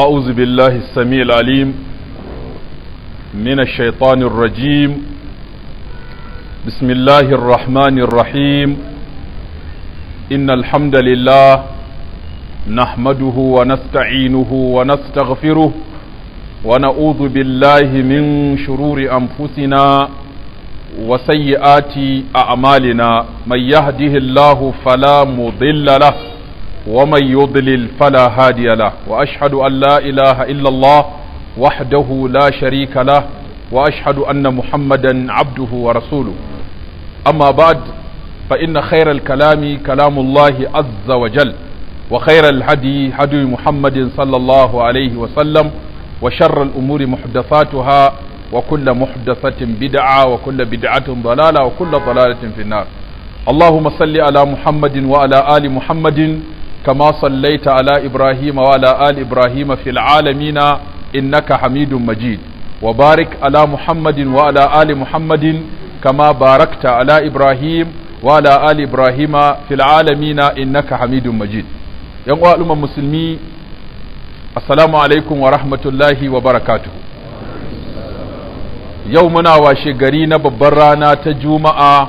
أعوذ بالله السميع العليم من الشيطان الرجيم بسم الله الرحمن الرحيم إن الحمد لله نحمده ونستعينه ونستغفره ونعوذ بالله من شرور أنفسنا وسيئات أعمالنا من يهده الله فلا مضل له ومن يضلل فلا هادي له واشهد ان لا اله الا الله وحده لا شريك له واشهد ان محمدا عبده ورسوله اما بعد فان خير الكلام كلام الله عز وجل وخير الهدي هدي محمد صلى الله عليه وسلم وشر الامور محدثاتها وكل محدثه بدعه وكل بدعه ضلاله وكل ضلاله في النار اللهم صل على محمد وعلى ال محمد كما صليت على إبراهيم وعلى آل إبراهيم في العالمين إنك حميد مجيد وبارك على محمد وعلى آل محمد كما باركت على إبراهيم وعلى آل إبراهيم في العالمين إنك حميد مجيد يقوى ألم المسلمين السلام عليكم ورحمة الله وبركاته يومنا وشغرين ببرانا تجومعا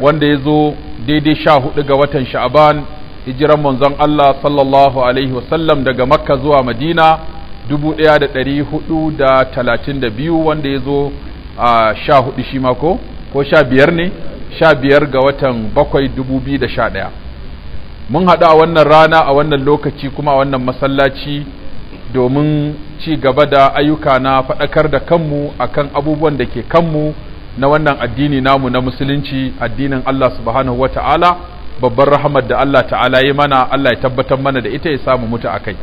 wanda ya zo daidai sha hudu ga watan sha'aban hijiran manzon Allah sallallahu alaihi wasallam daga makka zuwa madina 1432 wanda ya zo a sha hudu shi mako ko sha biyar ne sha biyar ga watan bakwai da 2011 mun haɗu a wannan rana a wannan lokaci kuma a wannan masallaci domin ci gaba da ayyuka na faɗakar da kanmu akan abubuwan da ke kanmu na wannan addini namu na musulunci addinin Allah subhanahu wa ta'ala babbar rahamar da Allah ta'ala yi mana Allah ya tabbatar mana da ita ya samu mutu a kai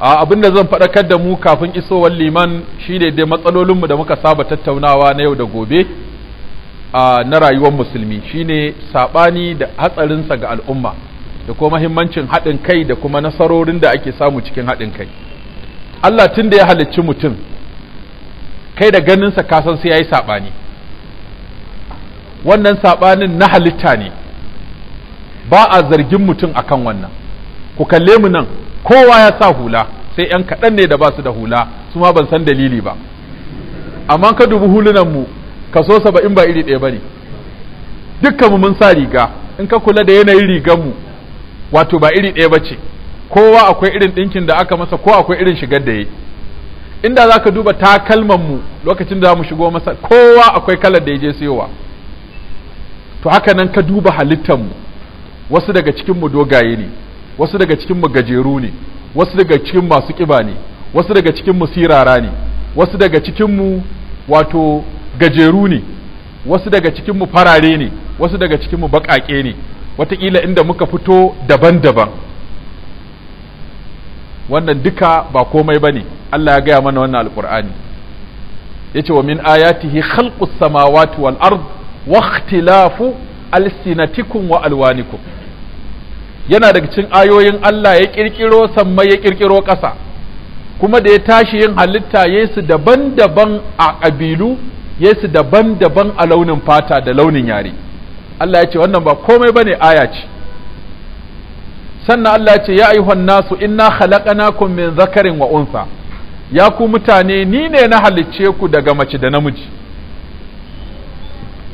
abin da zan faɗakar da mu kafin isowar liman shine dai matsalolinmu da muka saba tattaunawa na yau da gobe a na rayuwar musulmi shine saɓani da hatsarinsa ga al'umma da kuma mahimmancin haɗin kai da kuma nasarorin da ake samu cikin haɗin kai Allah tun da ya halicci mutum kai da ganinsa kasan sai ya yi saɓani wannan saɓanin na halitta ne ba a zargin mutum a kan wannan ku kalle mu nan kowa ya sa hula sai yan kaɗan ne da ba su da hula su ma ban san dalili ba amma ka dubi hulunan mu kaso saba'in ba iri ɗaya ne dukkan mu mun sa riga in ka kula da yanayin rigar mu wato ba iri ɗaya ba ce. kowa akwai irin ɗinkin da aka masa ko akwai irin shigar da ya inda za ka duba takalman mu lokacin da za mu shigo masa kowa akwai kalar da ya je siyowa to haka nan ka duba halittar mu wasu daga cikin dogaye ne wasu daga cikin gajeru ne wasu daga cikin masu kiba ne wasu daga cikin sirara ne wasu daga cikin wato gajeru ne wasu daga cikin farare ne wasu daga cikin mu baƙaƙe ne wataƙila inda muka fito daban-daban wannan duka ba komai ba ne Allah ya gaya mana wannan alƙur'ani ya ce wa min ayatihi khalqus samawati wal ard wa ikhtilafu alsinatikum wa alwanikum yana daga cikin ayoyin Allah ya kirkiro sammai ya kirkiro ƙasa kuma da ya tashi yin halitta ya su daban-daban a ƙabilu ya su daban-daban a launin fata da launin yare Allah ya ce wannan ba komai ba ne aya ce sannan Allah ya ce ya in na inna khalaqnakum min zakarin wa unsa ya ku mutane ni ne na halicce ku daga mace da namiji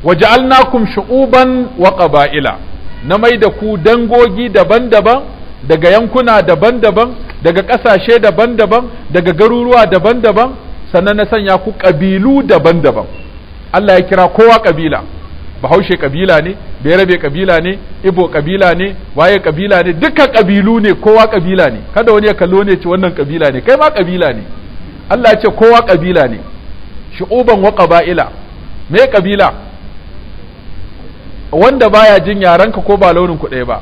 waja'alnakum shu'uban wa qaba'ila na mai da ku dangogi daban-daban daga yankuna daban-daban daga ƙasashe daban-daban daga garuruwa daban-daban sannan na sanya ku ƙabilu daban-daban Allah ya kira kowa ƙabila bahaushe ƙabila ne berabe ƙabila ne ibo ƙabila ne waye ƙabila ne duka ƙabilu ne kowa ƙabila ne kada wani ya kallo ne ci wannan ƙabila ne kai ma ƙabila ne Allah ya ce kowa ƙabila ne shu'uban wa ƙaba'ila me ƙabila wanda baya jin yarenka ko ba launin ku ba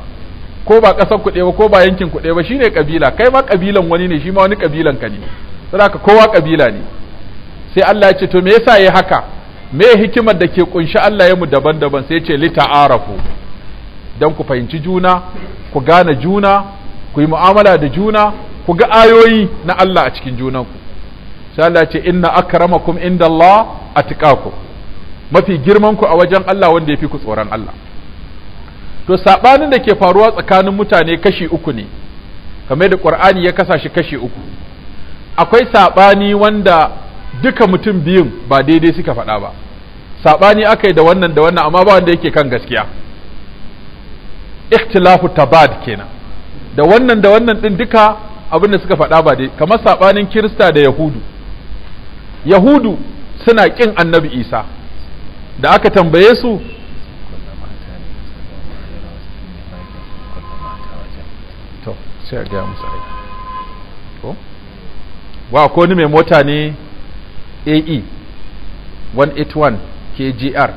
ko ba ƙasar ku ba ko ba yankin ku ɗaya ba shine kabila kai ma kabilan wani ne shi ma wani kabilan ka ne saboda kowa kabila ne sai Allah ya ce to me yasa yayi haka me hikimar da ke kunshi Allah ya mu daban-daban sai ya ce ta'arafu dan ku fahimci juna ku gane juna ku yi mu'amala da juna ku ga ayoyi na Allah a cikin junanku sai Allah ya ce inna akramakum inda atqakum mafi girman ku a wajen Allah wanda ya fi ku tsoron Allah to sabanin da ke faruwa tsakanin mutane kashi uku ne kamar da Qur'ani ya kasa shi kashi uku akwai sabani wanda duka mutum biyun ba daidai suka faɗa ba sabani akai da wannan da wannan amma ba wanda yake kan gaskiya ikhtilafu tabad kenan da wannan da wannan din duka abin da suka faɗa ba dai kamar sabanin Kirista da Yahudu Yahudu suna kin Annabi Isa da aka tambaye su to wa ko ni mai mota ne AE 181 KGR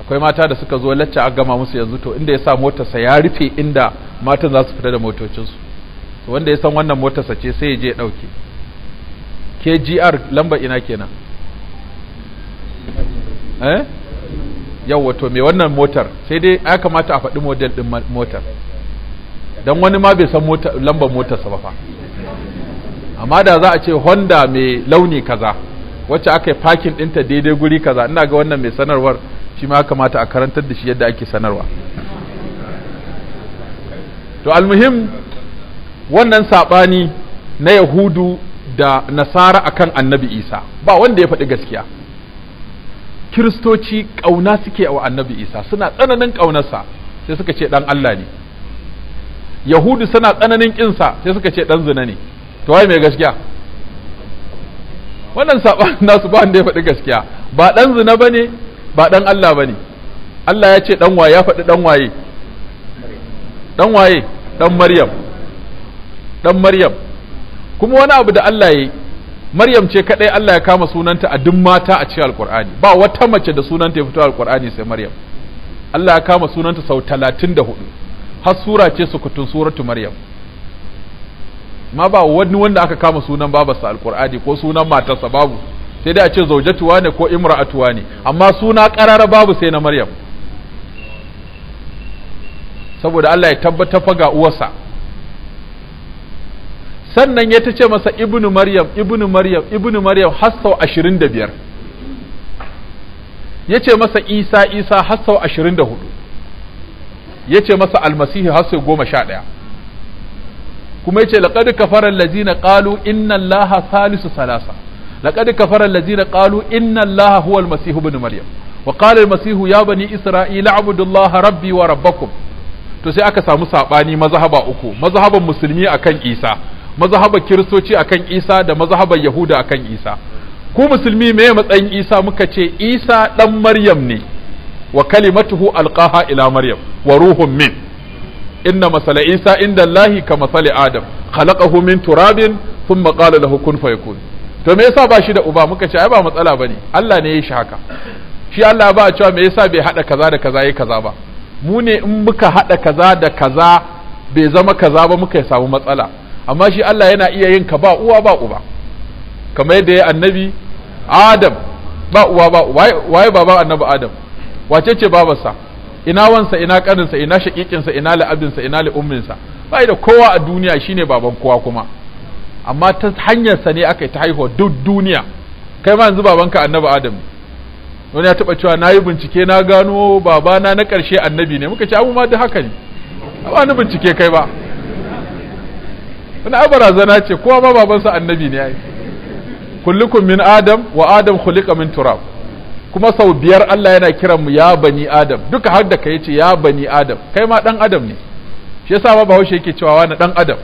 akwai mata da suka zo lacca a gama musu yanzu to inda ya sa motarsa ya rufe inda matan za su fita da motocinsu wanda ya san wannan motarsa ce sai ya je ya ɗauke kgr lamba ina kenan Eh? yau wato to me wannan motar sai dai ya kamata a faɗi model ɗin motar don wani ma bai san lambar motarsa ba fa amma da za a ce honda mai launi kaza wacce aka yi parking ɗinta daidai guri kaza ina ga wannan mai sanarwar shi ma kamata a karantar da shi yadda ake sanarwa to almuhim wannan saɓani na yahudu da nasara akan annabi isa ba wanda ya faɗi gaskiya kiristoci ƙauna suke wa annabi isa suna tsananin ƙaunarsa sai suka ce ɗan allah ne yahudu suna tsananin ƙinsa sai suka ce ɗan zina ne to wai mai gaskiya wannan saɓan nasu ba wanda ya faɗi gaskiya ba ɗan zina ba ne ba ɗan allah ba ne allah ya ce ɗan waye ya faɗi ɗan waye ɗan waye ɗan maryam ɗan maryam kuma wani abu da allah ya yi maryam ce kaɗai Allah ya kama sunanta a duk mata a cikin Alƙur'ani. ba wata mace da sunanta ya fito a alqur'ani sai maryam Allah ya kama sunanta sau talatin da hudu har sura ce su sukutun suratu maryam ma ba wani wanda aka kama sunan babarsa Alƙur'ani ko sunan matarsa babu sai dai a ce zaujatuwa ne ko imra'atuwa ne amma suna karara babu sai na maryam saboda Allah ya tabbatar fa ga uwarsa sannan ya ta ce masa ibnu maryam ibnu maryam ibnu maryam har sau ashirin da biyar ya ce masa isa isa har sau ashirin da hudu ya ce masa almasihi har sau goma sha ɗaya kuma ya ce laƙad kafarar lazina ƙalu inna allaha salisu salasa laƙad kafarar lazina ƙalu inna allaha huwa almasihu ibnu maryam wa qala almasihu ya bani isra'ila abudullaha rabbi wa rabbakum to sai aka samu saɓani mazhaba uku mazhaban musulmi akan isa mazhabar kiristoci akan isa da mazhabar yahuda akan isa ku musulmi me matsayin isa muka ce isa dan maryam ne wa kalimatuhu alqaha ila maryam wa ruhun min inna masala isa inda allahi ka masali adam khalaqahu min turabin sun qala da kun fayakun to me yasa ba shi da uba muka ce ai ba matsala ba ne. Allah ne ya shi haka shi Allah ba cewa me yasa bai hada kaza da kaza ya kaza ba mu ne in muka hada kaza da kaza bai zama kaza ba muka samu matsala amma shi Allah yana iya yin ka ba uwa ba uba kamar yadda ya annabi Adam ba uwa ba waye baban annabi Adam wace ce babarsa ina wansa ina ƙaninsa, ina shakikinsa ina la'abinsa ina li'umminsa ba da kowa a duniya shine baban kowa kuma amma ta hanyarsa ne aka yi ta haihuwa duk duniya kai ma yanzu babanka annabi Adam ne wani ya taba cewa na yi bincike na gano babana na karshe annabi ne muka ce abu ma da haka ne ba ni bincike kai ba wani ai barazana ce kowa ma babansa annabi ne ai kullukum min adam wa adam khuliqa min turab kuma sau biyar Allah yana kiran mu ya bani adam duka har da kai ce ya bani adam kai ma dan adam ne shi yasa ma bahaushe yake cewa wani dan adam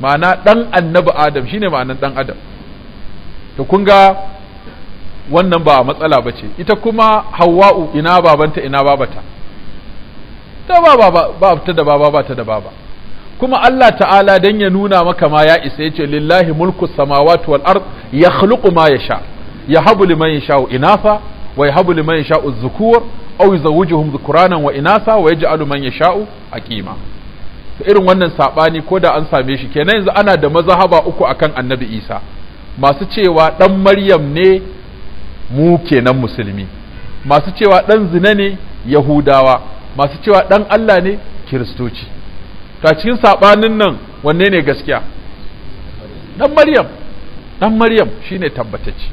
ma'ana dan annabi adam shine ma'anan dan adam to kun ga wannan ba matsala ba ce ita kuma hawa'u ina babanta ina babata ta ba ba ta da baba ba ta da baba kuma Allah ta'ala dan ya nuna maka ma ya isa yace lillahi mulku samawati wal ard yakhluqu ma yasha yahabu liman yasha inafa wa yahabu liman yasha'u dhukur aw yuzawwijuhum dhukuranan wa inasa wa yaj'alu man yasha aqima to irin wannan sabani ko da an same shi kenan yanzu ana da mazahaba uku akan Annabi Isa masu cewa dan Maryam ne mu kenan musulmi masu cewa dan zina ne Yahudawa masu cewa dan Allah ne Kiristoci to a cikin saɓanin nan wanne ne gaskiya dan maryam dan maryam shine tabbatacce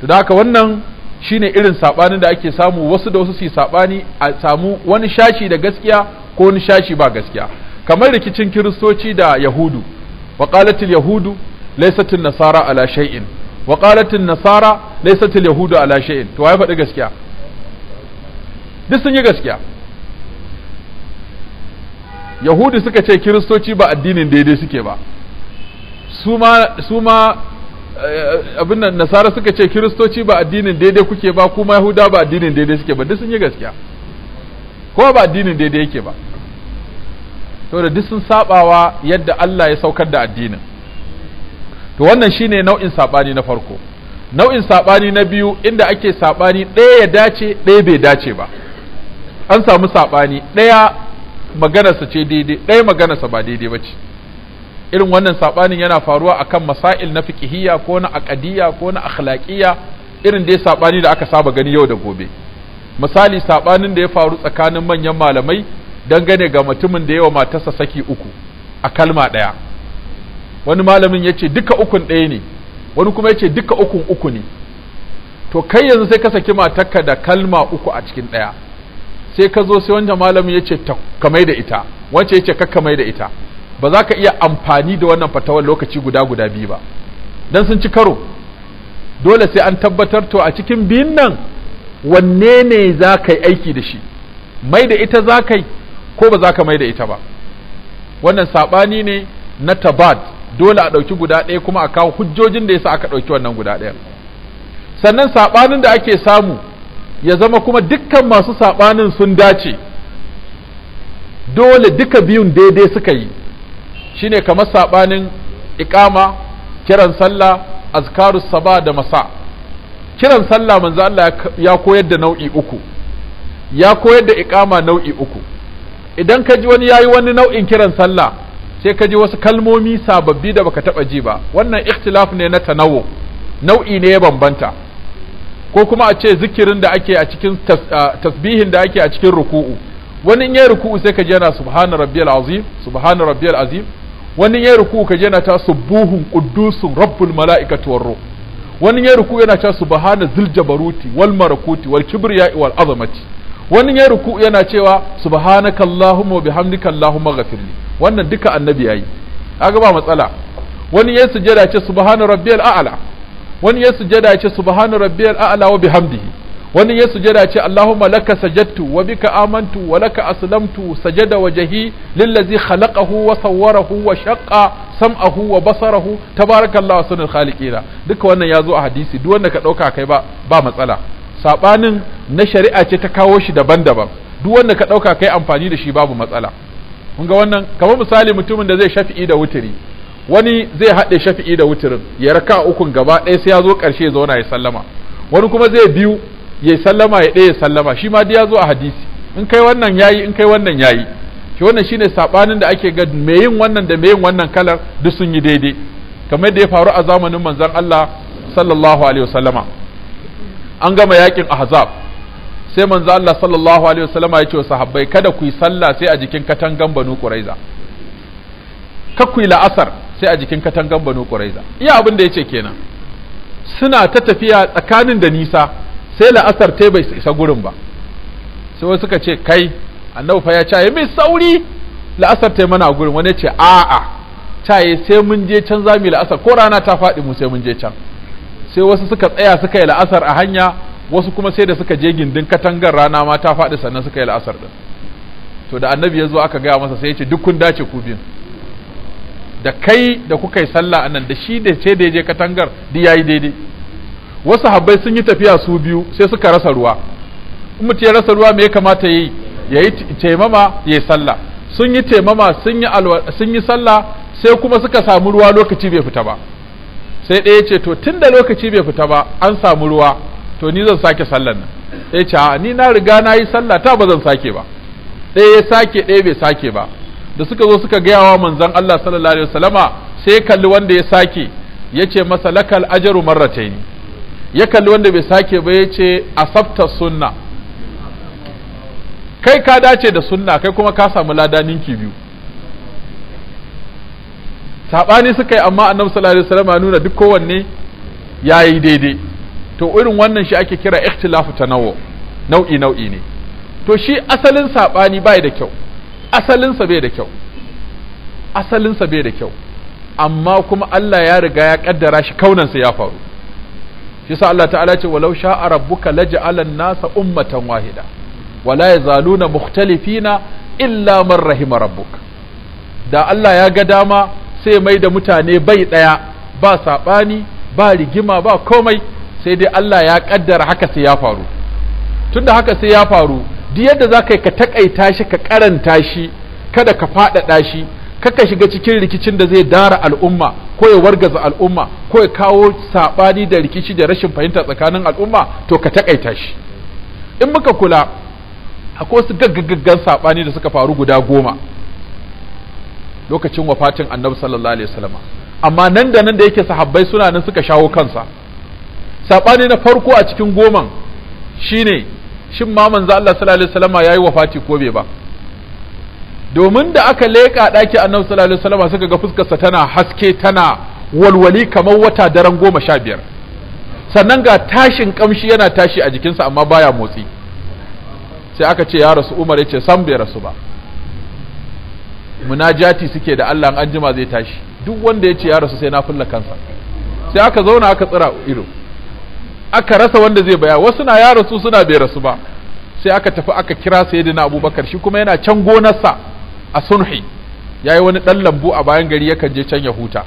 to da haka wannan shine irin sabanin da ake samu wasu da wasu su sabani a samu wani shashi da gaskiya ko wani shashi ba gaskiya kamar rikicin kiristoci da yahudu waqalatil yahudu laysatil nasara ala shay'in waqalatil nasara laysatil yahudu ala shay'in to wai faɗi gaskiya duk sun yi gaskiya yahudi suka ce kiristoci ba addinin daidai suke ba su ma eh, abin nan nasara suka ce kiristoci ba addinin daidai kuke ba kuma yahuda ba addinin daidai suke ba duk sun yi gaskiya ko ba addinin daidai yake ba to da duk sun sabawa yadda Allah ya saukar da addinin to wannan shine nau'in sabani na farko nau'in sabani na biyu inda ake sabani ɗaya ya dace ɗaya bai dace ba an samu sabani ɗaya maganarsa ce daidai ɗaya maganarsa ba daidai ba ce irin wannan saɓanin yana faruwa akan masail na fiqhiyya ko na aqdiyya ko na akhlaqiyya irin dai saɓani da aka saba gani yau da gobe misali saɓanin da ya faru tsakanin manyan malamai dangane ga mutumin da yawa matarsa saki uku a kalma ɗaya wani malamin ya ce duka ukun ɗaya ne wani kuma ya ce duka ukun uku ne to kai yanzu sai ka saki matarka da kalma uku a cikin ɗaya sai ka zo sai wanda malamin ya ce kamai da ita wance ya ka mai da ita ba za ka iya amfani da wannan fatawar lokaci guda guda biyu ba Dan sun ci karo dole sai an tabbatar to a cikin biyun nan wanne ne za ka yi aiki da shi mai da ita za ka yi ko ba za ka mai da ita ba wannan saɓani ne na tabat dole a ɗauki guda ɗaya kuma a kawo hujjojin da yasa aka ɗauki wannan guda ɗaya sannan saɓanin da ake samu ya zama kuma dukkan masu saɓanin sun dace dole duka biyun daidai suka yi shine kamar saɓanin ikama kiran sallah azkaru saba da masa kiran sallah manzo Allah ya koyar da nau'i uku ya koyar da ikama nau'i uku idan ka ji wani yayi wani nau'in kiran sallah sai ka ji wasu kalmomi sababbi da baka taba ji ba wannan ikhtilaf ne na tanawu nau'i ne ya bambanta ko kuma a ce zikirin da ake a cikin tasbihin da ake a cikin ruku'u wani in ruku'u sai ka ji yana subhana rabbiyal azim subhana rabbiyal azim wani in ruku'u ka ji yana ta subuhun quddusun rabbul mala'ika tuwarro ruh wani in ruku'u yana ta subhana zil jabaruti wal malakuti wal kibriya wal azamati wani in ruku'u yana cewa subhanaka allahumma bihamdika allahumma ghafirli wannan duka annabi yayi kaga ba matsala wani yayi sujada ce subhana rabbiyal a'la wani ya sujada ce subhana rabbiyal a'la wa bihamdihi wani ya sujada ce allahumma laka sajadtu wa bika amantu wa laka aslamtu sajada wajhi lillazi khalaqahu wa sawwarahu wa shaqqa sam'ahu wa basarahu tabarakallahu sunul khaliqina duka wannan ya zo a hadisi duk wanda ka dauka kai ba ba matsala sabanin na shari'a ce ta kawo shi daban-daban duk wanda ka dauka kai amfani da shi babu matsala kun ga wannan kamar misali mutumin da zai shafi'i da wutiri wani zai haɗe shafi'i da wuturin ya raka ukun gaba ɗaya sai ya zo ƙarshe ya zauna ya sallama wani kuma zai biyu ya sallama ya ɗaya ya sallama shi ma ya zo a hadisi in kai wannan yayi in kai wannan yayi shi wannan shine sabanin da ake ga me yin wannan da me yin wannan kalar duk sun yi daidai kamar da ya faru a zamanin manzon Allah sallallahu alaihi wasallama an gama yakin ahzab sai manzo Allah sallallahu alaihi wasallama ya ce wa sahabbai kada ku yi sallah sai a jikin katangan banu quraiza kakku yi la'asar sai a jikin katangan banu ƙuraiza iya abin da ya ce kenan suna ta tafiya tsakanin da nisa sai la'asar ta bai isa gurin ba sai wasu suka ce kai annabi fa ya caye mai sauri la'asar ta mana gurin wani ce a'a caye sai mun je can za mu la'asar ko rana ta faɗi mu sai mun je can sai wasu suka tsaya suka yi la'asar a hanya wasu kuma sai da suka je gindin katangar rana ma ta faɗi sannan suka yi la'asar din to da annabi ya zo aka gaya masa sai ya ce duk kun dace ku bin? da kai da kuka yi sallah anan da shi da ce da ya je katangar duk yayi daidai wasu habbai sun yi tafiya su biyu sai suka rasa ruwa in mutum ya rasa ruwa me ya kamata yi ya yi taimama ya yi sallah sun yi taimama sun yi sallah sai kuma suka samu ruwa lokaci bai fita ba sai ɗaya ce to tun da lokaci bai fita ba an samu ruwa to ni zan sake sallan nan ɗaya ce a ni na riga na yi sallah ta ba zan sake ba ɗaya ya sake ɗaya bai sake ba da suka zo suka gaya wa manzon Allah sallallahu alaihi wasallama sai kalli wanda ya sake yace masa lakal ajru marratayn ya kalli wanda bai sake ba yace asabta sunna kai ka dace da sunna kai kuma ka samu ladaninki ki biyu saɓani suka yi amma annabi sallallahu alaihi wasallama ya nuna duk kowanne yayi daidai to irin wannan shi ake kira ikhtilafu tanawwu nau'i nau'i ne to shi asalin sabani bai da kyau asalinsa bai da kyau asalinsa bai da kyau amma kuma Allah ya riga ya kaddara shi kaunansa ya faru shi sa Allah ta'ala ce walau sha'a rabbuka laj'ala an-nasa ummatan wahida wala yazaluna mukhtalifina illa man rahima rabbuk da Allah ya ga dama sai mai da mutane bai daya ba sabani ba rigima ba komai sai dai Allah ya kaddara haka sai ya faru tunda haka sai ya faru duk yadda za ka yi ka taƙaita shi ka karanta shi kada ka faɗaɗa shi kaka shiga cikin rikicin da zai dara al'umma ko ya wargaza al'umma ko ya kawo saɓani da rikici da rashin fahimta tsakanin al'umma to ka taƙaita shi in muka kula akwai wasu gaggagaggan saɓani da suka faru guda goma lokacin wafatin annabi sallallahu alaihi wasallam amma nan da nan da yake sahabbai suna nan suka shawo kansa saɓani na farko a cikin goman shine shin ma manzo Allah sallallahu alaihi wasallama yayi wafati ko bai ba domin da aka leƙa ɗaki annabi sallallahu alaihi wasallama suka ga fuskar sa tana haske tana walwali kamar wata daren goma sha biyar sannan ga tashin kamshi yana tashi a jikinsa amma baya motsi sai aka ce ya rasu umar ya ce san bai rasu ba munajati suke da Allah an jima zai tashi duk wanda ya ce ya rasu sai na fulla kansa sai aka zauna aka tsira ido aka rasa wanda zai baya wasu na ya rasu suna bai rasu ba sai aka tafi aka kira sayyidina abubakar shi kuma yana can gonarsa a sunhi yayi wani dan lambu a bayan gari yakan je can ya huta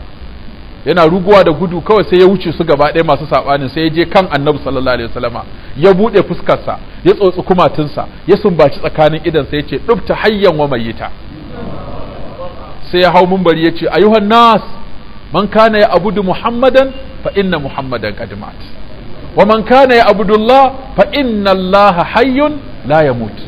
yana ruguwa da gudu kawai sai ya wuce su gaba ɗaya masu saɓanin sai ya je kan annabi sallallahu alaihi wasallama ya buɗe fuskarsa ya tsotsi kumatunsa ya sumbaci tsakanin idan sai ya ce dubta hayyan wa mayyita sai ya hau mumbari ya ce ayuhan nas man kana ya abudu muhammadan fa inna muhammadan qad wa man kana ya abdullah fa inna allaha hayyun la mutu.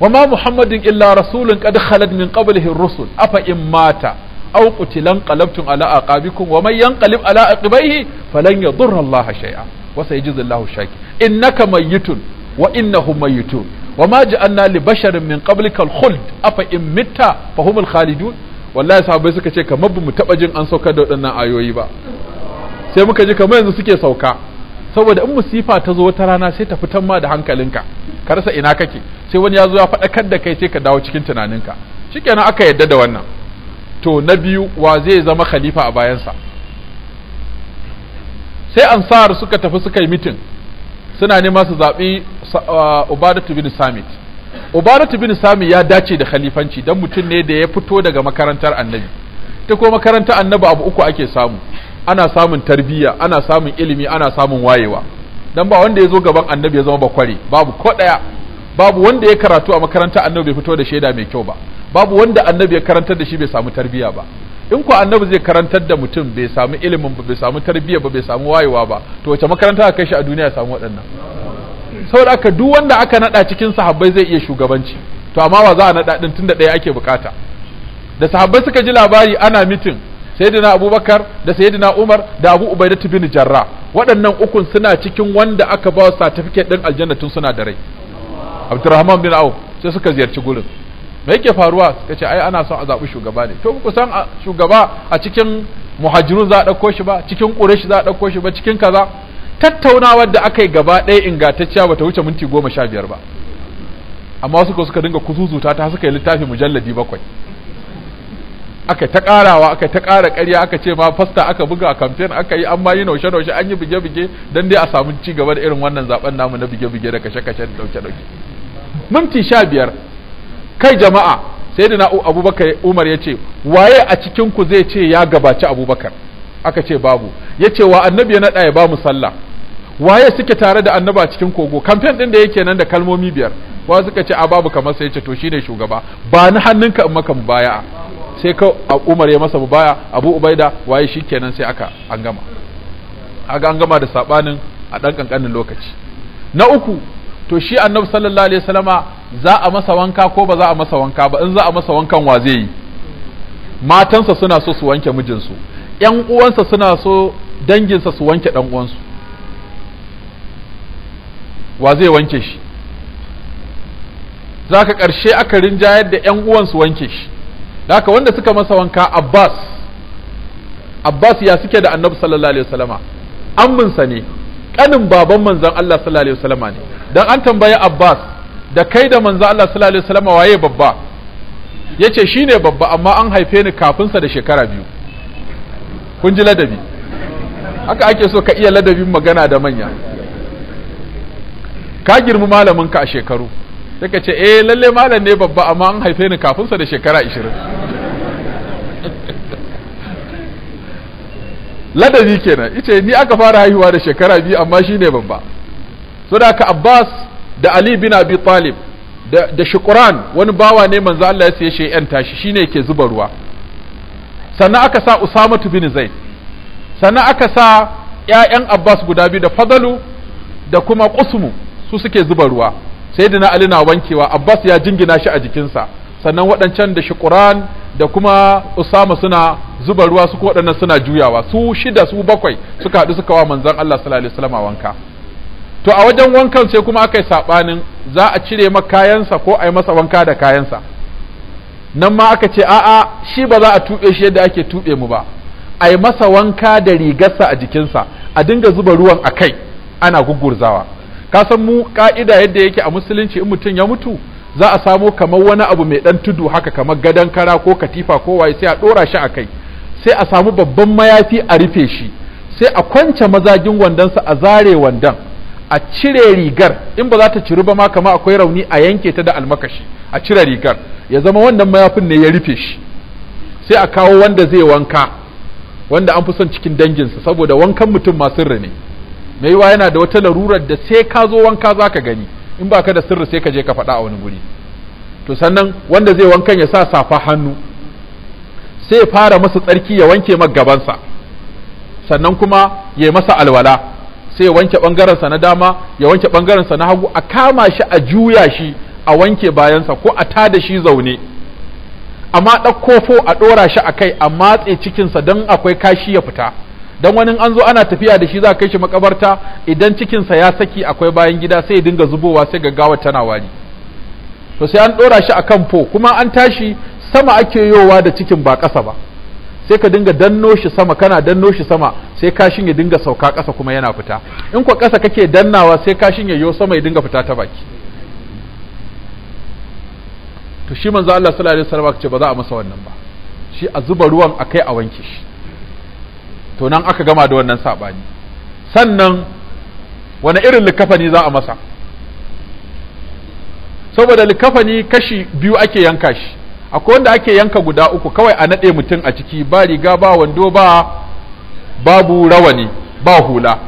Wama ma muhammadin illa rasulun qad min qablihi ar-rusul afa in mata aw qutilan qalabtum ala aqabikum wa man yanqalib ala aqibaihi falan yadurra shai'a. shay'a wa sayajzi allahu shaki innaka mayyitun wa innahum mayyitun wa ma ja'alna li basharin min qablika al-khuld afa in mitta fa humul khalidun wallahi sahabbai suka ce kamar bamu taba jin an saukar da waɗannan ayoyi ba sai muka ji kamar yanzu suke sauka saboda in musifa ta zo wata rana sai ta fitan ma da hankalinka ka rasa ina kake sai wani ya zo ya faɗakar da kai sai ka dawo cikin tunaninka shikenan aka yadda da wannan to na biyu wa zai zama khalifa a bayansa sai ansar suka tafi suka yi mitin suna nema su zaɓi ubadatu bin samit ubadatu bin sami ya dace da khalifanci don mutum ne da ya fito daga makarantar annabi ta ko makarantar annabi abu uku ake samu ana samun tarbiyya ana samun ilimi ana samun wayewa dan ba wanda ya zo gaban annabi ya zama bakware babu ko daya babu wanda ya karatu a makaranta annabi bai fito da shaida mai kyau ba babu wanda annabi ya karantar da shi bai samu tarbiyya ba in ko annabi zai karantar da mutum bai samu ilimin ba bai samu tarbiyya ba bai samu wayewa ba to wace makaranta aka kai shi a duniya ya samu waɗannan saboda aka duk wanda aka nada cikin sahabbai zai iya shugabanci to amma wa za a nada din tunda ɗaya ake bukata da sahabbai suka ji labari ana mitin sayyidina abubakar da sayyidina umar da abu ubaida bin jarra waɗannan ukun suna cikin wanda aka ba certificate din aljanna tun suna da rai abdurrahman bin auf sai suka ziyarci gurin me yake faruwa suka ce ai ana son a zaɓi shugaba ne to ku san shugaba a cikin muhajirun za a ɗauko shi ba cikin ƙureshi za a ɗauko shi ba cikin kaza tattaunawa da aka yi gaba ɗaya ingantacciya bata wuce minti goma sha biyar ba amma suka suka dinga kuzuzuta ta suka yi littafi mujalladi bakwai aka ta karawa aka ta kara ƙarya aka ce ma fasta aka buga campaign aka yi amma yi naushe naushe an yi bige bige dan dai a samu ci gaba da irin wannan zaben namu na bige bige da kashe kashe da dauke dauke minti 15 kai jama'a sayyidina Abubakar Umar ya ce waye a cikin ku zai ce ya gabaci Abubakar aka ce babu yace wa annabi ya nada ya ba mu sallah waye suke tare da annaba cikin kogo kamfen din da yake nan da kalmomi biyar wa suka ce a babu kamar sai ce to shine shugaba ba ni hannunka in maka baya sai ka umar ya masa baya abu ubaida waye shi kenan sai aka an gama aka an gama da sabanin a dan kankanin lokaci na uku to shi annab sallallahu alaihi wasallama za a masa wanka ko ba za a masa wanka ba in za a masa wankan wa zai yi matansa suna so su wanke mijinsu yan uwansa suna so danginsa su wanke dan uwansu wa zai wanke shi zaka ka ƙarshe aka rinjayar da 'yan uwan su wanke shi da haka wanda suka masa wanka abbas abbas ya suke da annabi sallallahu alaihi wasallama amminsa ne kanin baban manzon Allah sallallahu alaihi wasallama ne dan an tambaye abbas da kai da manzon Allah sallallahu alaihi wasallama waye babba yace shine babba amma an haife ni kafin sa da shekara biyu kun ji ladabi haka ake so ka iya ladabin magana da manya ka girmi malamin ka a shekaru sai ka ce eh lalle malam ne babba amma an haife ni kafin sa da shekara ishirin ladabi kenan ice ni aka fara haihuwa da shekara biyu amma shi ne babba saboda abbas da ali bin abi talib da, da shukuran wani bawa ne manzo Allah ya sai shi tashi shine yake zuba ruwa sannan aka sa usamatu bin zaid sannan aka sa ƴaƴan abbas guda biyu da fadalu da kuma qusmu su suke zuba ruwa sayyidina ali na wankewa abbas ya jingina shi a jikinsa sannan waɗancan da shi shukuran da kuma usama suna zuba ruwa su waɗannan suna juyawa su shida su bakwai suka haɗu suka wa manzon Allah sallallahu alaihi wasallam wanka to a wajen wankan sai kuma aka yi sabanin za a cire ma kayansa ko a yi masa wanka da kayansa nan ma aka ce a'a shi ba za a tuɓe shi yadda ake tuɓe mu ba a yi masa wanka da rigarsa a jikinsa a dinga zuba ruwan a kai ana gugurzawa ka san mu ka'ida yadda yake a musulunci in mutum ya mutu za a samo kamar wani abu mai dan tudu haka kamar gadon kara ko katifa ko waye sai a dora shi a kai sai a samu babban mayafi a rufe shi sai a kwance mazagin wandonsa a zare wandon a cire rigar in ba za ta ciru ba ma kamar akwai rauni a yanke ta da almakashi a cire rigar ya zama wannan mayafin ne ya rufe shi sai a kawo wanda zai wanka wanda an fi son cikin danginsa saboda wankan mutum masu ne mai yiwa yana da wata larurar da sai ka zo wanka za ka gani in ba ka da sirri sai ka je ka faɗa a wani guri to sannan wanda zai wankan ya sa safa hannu sai fara masa tsarki ya wanke ma gabansa sannan kuma ya masa alwala sai wanke ɓangarensa na dama ya wanke ɓangarensa na hagu a kama shi a juya shi a wanke bayansa ko a tada shi zaune amma ɗauko a ɗora shi a kai a matse cikinsa don akwai kashi ya fita dan wani an zo ana tafiya da shi za kai shi makabarta idan cikinsa ya saki akwai bayan gida sai ya dinga zubowa sai gaggawa tana wari to sai an dora shi akan fo kuma an tashi sama ake yowa da cikin ba ƙasa ba sai ka dinga danno shi sama kana danno shi sama sai kashin ya dinga sauka ƙasa kuma yana fita in ko ƙasa kake dannawa sai kashin ya yo sama ya dinga fita ta baki to shi manzo Allah sallallahu alaihi wasallam ce ba za a masa wannan ba shi a zuba ruwan akai a wanke shi to nan aka gama da wannan saɓani sannan wani irin likafani za a masa saboda likafani kashi biyu ake yanka shi akwai wanda ake yanka guda uku kawai a naɗe mutum a ciki ba riga ba wando ba babu rawani ba hula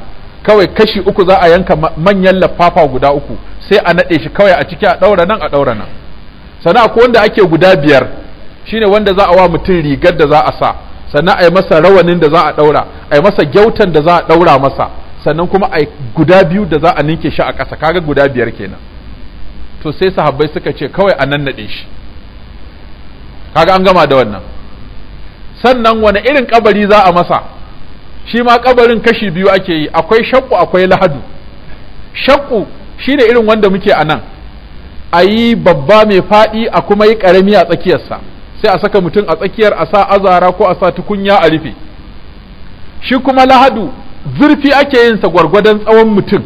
kawai kashi uku za a yanka manyan lafafa guda uku sai a naɗe shi kawai a ciki a ɗaura nan a ɗaura nan sannan akwai wanda ake guda biyar shine wanda za a wa mutum rigar da za a sa sannan a yi masa rawanin da za a ɗaura a yi masa gyautan da za a ɗaura masa sannan kuma a guda biyu da za a ninke shi a ƙasa kaga guda biyar kenan to sai sahabbai suka ce kawai a nan naɗe shi kaga an gama da wannan sannan wani irin kabari za a masa shi ma kabarin kashi biyu ake yi akwai shakku akwai lahadu shakku shi ne irin wanda muke a nan a yi babba mai faɗi a kuma yi ƙarami a tsakiyarsa sai a saka mutum a tsakiyar a sa azara ko a sa tukunya a rufe shi kuma lahadu zurfi ake yin sa gwargwadon tsawon mutum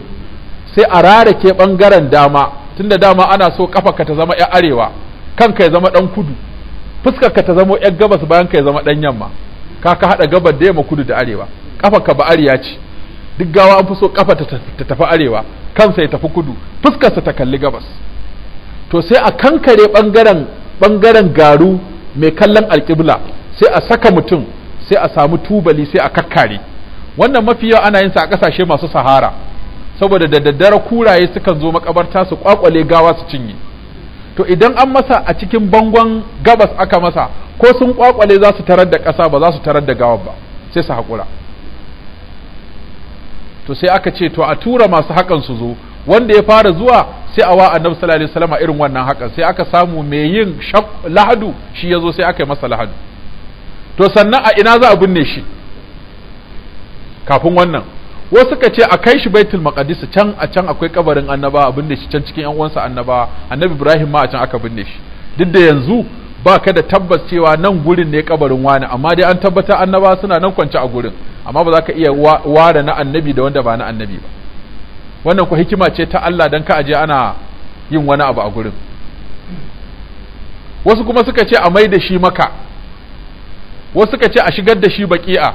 sai a rarake bangaren dama tunda dama ana so kafa ka ta zama 'yan arewa kanka ya zama dan kudu ka ta zama 'yan gabas bayan ka ya zama dan yamma ka ka haɗa gabar da yamma kudu da arewa ka ba arewa ce duk gawa an fi so kafa ta tafi arewa kansa ya tafi kudu fuskarsa ta kalli gabas to sai a kankare bangaren bangaren garu mai kallon alƙibla sai a saka mutum sai a samu tubali sai a kakkare wannan mafi yawa ana yin sa a ƙasashe masu sahara saboda da daddare kuraye sukan zo makabarta su kwakwale gawa su cinye to idan an masa a cikin bangon gabas aka masa ko sun kwakwale za su tarar da ƙasa ba za su tarar da gawa ba sai su haƙura to sai aka ce to a tura masu haƙan su zo wanda ya fara zuwa sai a wa annabi sallallahu alaihi wasallam irin wannan hakan sai aka samu mai yin lahadu shi yazo sai aka yi masa lahadu to sannan a ina za a binne shi kafin wannan wasu ka ce a kai shi baitul maqdis can a can akwai kabarin annaba a binne shi can cikin yan uwansa annaba annabi ibrahim ma a can aka binne shi duk da yanzu ba ka da tabbas cewa nan gurin ne kabarin wani amma dai an tabbata annaba suna nan kwance a gurin amma ba za ka iya ware na annabi da wanda ba na annabi ba wannan ku hikima ce ta Allah dan ka aje ana yin wani abu a gurin wasu kuma suka ce a mai da shi maka wasu suka ce a shigar da shi baki'a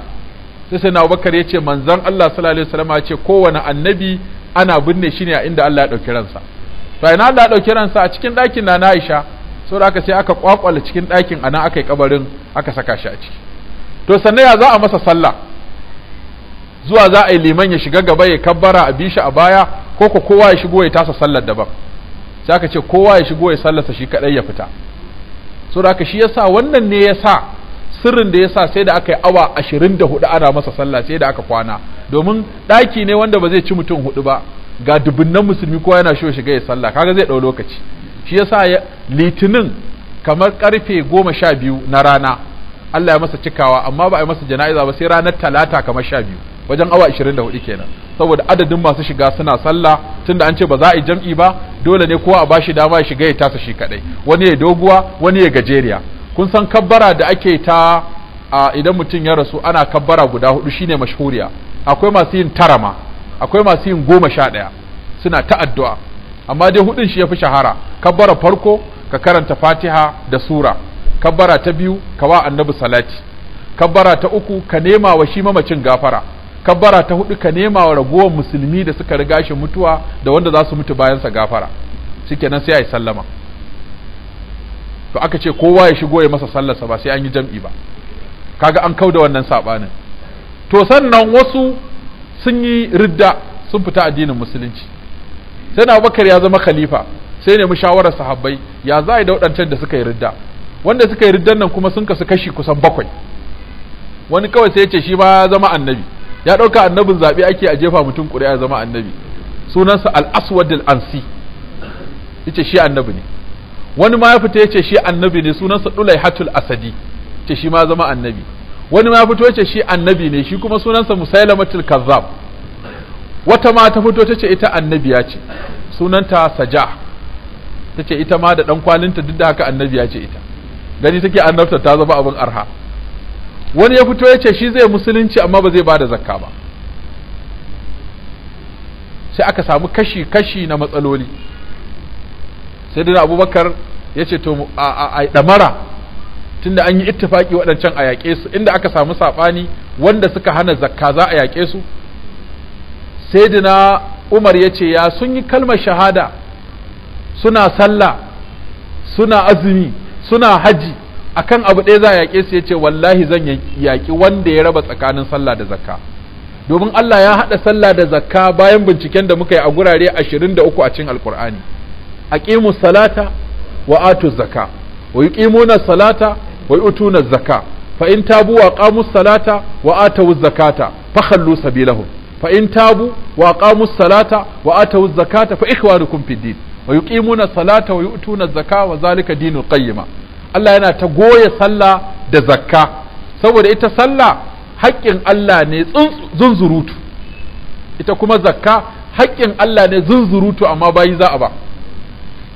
sai sai na bakar ya ce manzan Allah sallallahu alaihi wasallam ya ce kowane annabi ana binne shi ne a inda Allah ya dauki ransa to ina Allah ya dauki ransa a cikin ɗakin na Aisha saboda aka sai aka kwakwala cikin ɗakin anan aka yi kabarin aka saka shi a ciki to sannan ya za a masa sallah zuwa za a yi liman ya shiga gaba ya kabbara a bishi a baya ko ko kowa ya shigo ya tasa sallar daban sai aka ce kowa ya shigo ya sallarsa shi kadai ya fita so da shi yasa wannan ne yasa sirrin da yasa sai da aka yi awa 24 ana masa sallah sai da aka kwana domin daki ne wanda ba zai ci mutum hudu ba ga dubunnan musulmi kowa yana so shiga ya sallah kaga zai dau lokaci shi yasa litinin kamar karfe goma sha biyu na rana Allah ya masa cikawa amma ba a yi masa jana'iza ba sai ranar talata kamar sha biyu wajen awa 24 kenan saboda adadin masu shiga suna sallah tunda an ce ba za a yi jam'i ba dole ne kowa a bashi dama ya shiga ya tasa shi kadai wani ya doguwa wani ya gajeriya kun san kabbara da ake ta idan mutum ya rasu ana kabbara guda hudu shine mashhuriya akwai masu yin tarama akwai masu yin goma sha ɗaya suna ta addu'a amma dai hudun shi ya shahara kabbara farko ka karanta fatiha da sura kabbara ta biyu ka wa annabi salati kabbara ta uku ka nema wa shi mamacin gafara kabbara ta hudu ka nema wa ragowar musulmi da suka riga shi mutuwa da wanda za su mutu bayan sa gafara shikenan sai yi sallama to aka ce kowa ya shigo ya masa sallarsa ba sai an yi jam'i ba kaga an kauda wannan sabanin to sannan wasu sun yi ridda sun fita addinin musulunci sai na bakar ya zama khalifa sai nemi shawarar sahabbai ya za a yi da waɗancan da suka yi ridda wanda suka yi riddan nan kuma sun kasu kashi kusan bakwai wani kawai sai ya ce shi ma ya zama annabi ya ɗauka annabin zaɓe ake a jefa mutum ƙuri'a zama annabi sunansa al-aswad al-ansi yace shi annabi ne wani ma ya fita yace shi annabi ne sunansa dulaihatul asadi ce shi ma zama annabi wani ma ya fito yace shi annabi ne shi kuma sunansa musailamatul kazzab wata ma ta fito tace ita annabiya ce sunanta saja tace ita ma da dan kwalinta duk da haka annabiya ce ita gani take annabta ta zama abin arha wani ya fito ya ce shi zai musulunci amma ba zai ba da zakka ba sai aka samu kashi-kashi na matsaloli sai dina abubakar ya ce to a damara tunda an yi ittifaki waɗancan a yaƙe su inda aka samu saɓani wanda suka hana zakka za a yaƙe su sai dina umar ya ce ya sun yi kalmar shahada suna sallah suna azumi suna haji akan abu ɗaya za a yaƙe su ya ce wallahi zan yaƙi wanda ya raba tsakanin sallah da zakka domin Allah ya haɗa sallah da zakka bayan binciken da muka yi a gurare ashirin da 23 a cikin alkur'ani aqimu salata wa atu zakka wa yuqimuna salata wa yutuna zakka fa in tabu wa qamu salata wa atu zakata fa khallu sabilahum fa in tabu wa qamu salata wa atu zakata fa ikhwanukum fid din wa yuqimuna salata wa yutuna zakka wa zalika dinul qayyima Allah yana ta goya sallah da zakka saboda ita sallah haƙƙin Allah ne zunzurutu ita kuma zakka haƙƙin Allah ne zunzurutu amma bayi za a ba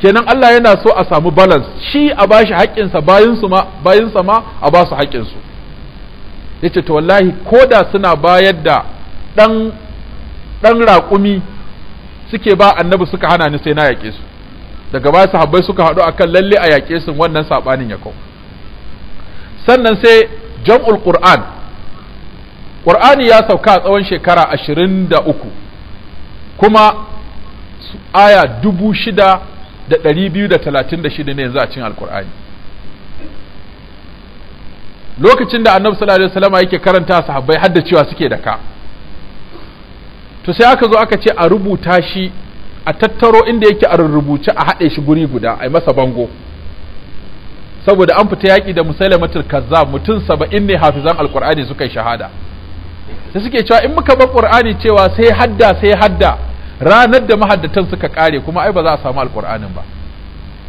kenan Allah yana so a samu balance shi a bashi haƙƙinsa ma bayinsa ma a ba su haƙƙinsu yace to wallahi koda suna bayar da ɗan raƙumi suke ba annabi suka hana ni sai na yaƙe su daga baya sahabbai suka haɗu akan lalle a yaƙe su wannan saɓanin ya kau sannan sai jam'ul qur'an qur'ani ya sauka a tsawon shekara ashirin da uku kuma aya dubu shida da ɗari biyu da talatin da shida ne yanzu a cikin alƙur'ani lokacin da annabi sallallahu alaihi wasallam yake karanta sahabbai har da cewa suke da ka to sai aka zo aka ce a rubuta shi a tattaro inda yake a rubuce a haɗe shi guri guda a yi masa bango saboda an fita yaƙi da matar kaza mutum saba'in ne hafizan alkur'ani suka yi shahada sai suke cewa in muka bar ƙur'ani cewa sai hadda sai hadda ranar da mahaddatan suka kare kuma ai ba za a samu alƙur'anin ba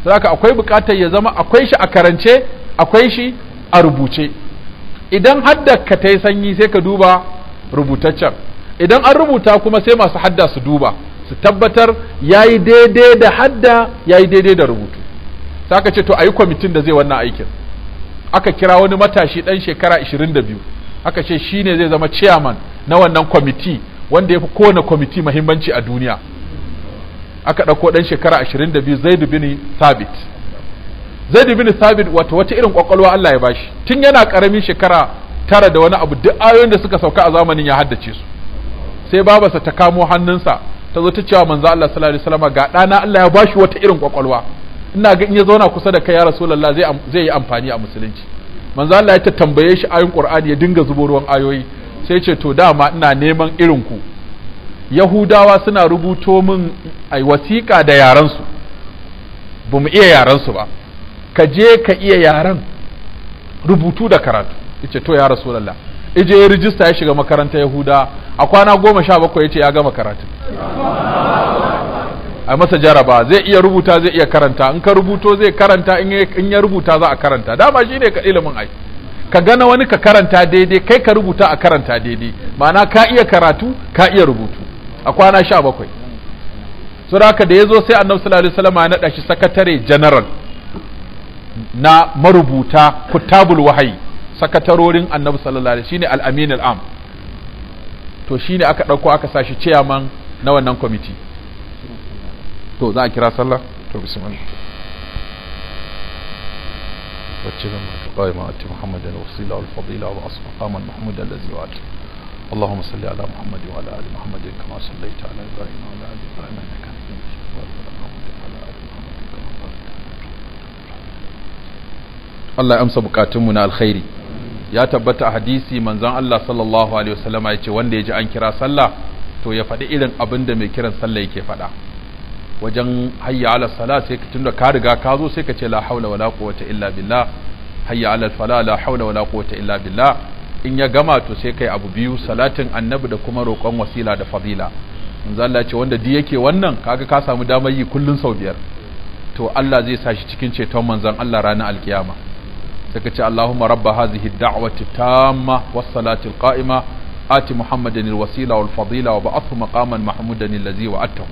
saboda akwai buƙatar ya zama akwai shi a karance akwai shi a rubuce idan hadda ka ta yi sanyi sai ka duba rubutaccen idan an rubuta kuma sai masu hadda su duba su tabbatar ya yi daidai da hadda ya yi daidai da rubutu sai aka ce to a yi kwamitin da zai wannan aikin aka kira wani matashi ɗan shekara 22 aka ce shi ne zai zama chairman na wannan kwamiti wanda ya fi kowane kwamiti mahimmanci a duniya aka ɗauko ɗan shekara 22 zaidu bin sabit zaidu bin sabit wato wata irin kwakwalwa Allah ya bashi tun yana ƙaramin shekara tara da wani abu duk ayoyin da suka sauka a zamanin ya haddace su sai babasa ta kamo hannunsa ta zo ta cewa manzo Allah sallallahu alaihi wasallam ga dana Allah ya bashi wata irin kwakwalwa ina ga in ya zauna kusa da kai ya rasulullah zai zai yi amfani a musulunci manzo Allah ya ta tambaye shi ayoyin Qur'ani ya dinga zubo ruwan ayoyi sai ce to dama ina neman irin ku Yahudawa suna rubuto min ai wasiƙa da yaran su ba mu iya yaran su ba ka je ka iya yaran rubutu da karatu yace to ya rasulullah ije ya rijista ya shiga makaranta yahuda a kwana goma sha bakwai ya ce ya gama karatu a masa jaraba zai iya rubuta zai iya karanta in ka rubuto zai karanta in ya rubuta za a karanta dama shi ne ka ilimin ai ka gana wani ka karanta daidai kai ka rubuta a karanta daidai ma'ana ka iya karatu ka iya rubutu a kwana sha bakwai su haka da ya zo sai annabi sallallahu alaihi wasallam ya naɗa shi sakatare general na marubuta kutabul wahayi sakatarorin annabi sallallahu alaihi shine al-amin al-am to shine aka dauko aka sashi chairman na wannan to za kira sallah to bismillah wacce na maka qaima atti muhammadan wasila wal fadila wa asma qaman muhammadan allazi wa ati اللهم صل على محمد وعلى ال محمد كما صليت على ابراهيم وعلى ال ابراهيم انك حميد محمد وعلى ال محمد كما باركت على ابراهيم الله يمسى بقاتمنا الخيري ya tabbata a hadisi manzon Allah sallallahu alaihi wasallama ya ce wanda ya ji an kira sallah to ya faɗi irin abin da mai kiran sallah yake faɗa wajen hayya ala sala sai ka tunda ka riga ka zo sai ka ce la haula wala quwwata illa billah hayya ala fala la haula wala quwwata illa billah in ya gama to sai kai abu biyu salatin annabi da kuma roƙon wasila da fadila manzo Allah ce wanda di yake wannan kaga ka samu damar yi kullun sau biyar to Allah zai sa shi cikin ceton manzon Allah ranar alkiyama daga ce Allahumma rabba hazihi da'wati tamma was salati ati muhammadan Wasila wal fadila wa ba'athu maqaman mahmudan allazi wa'atahu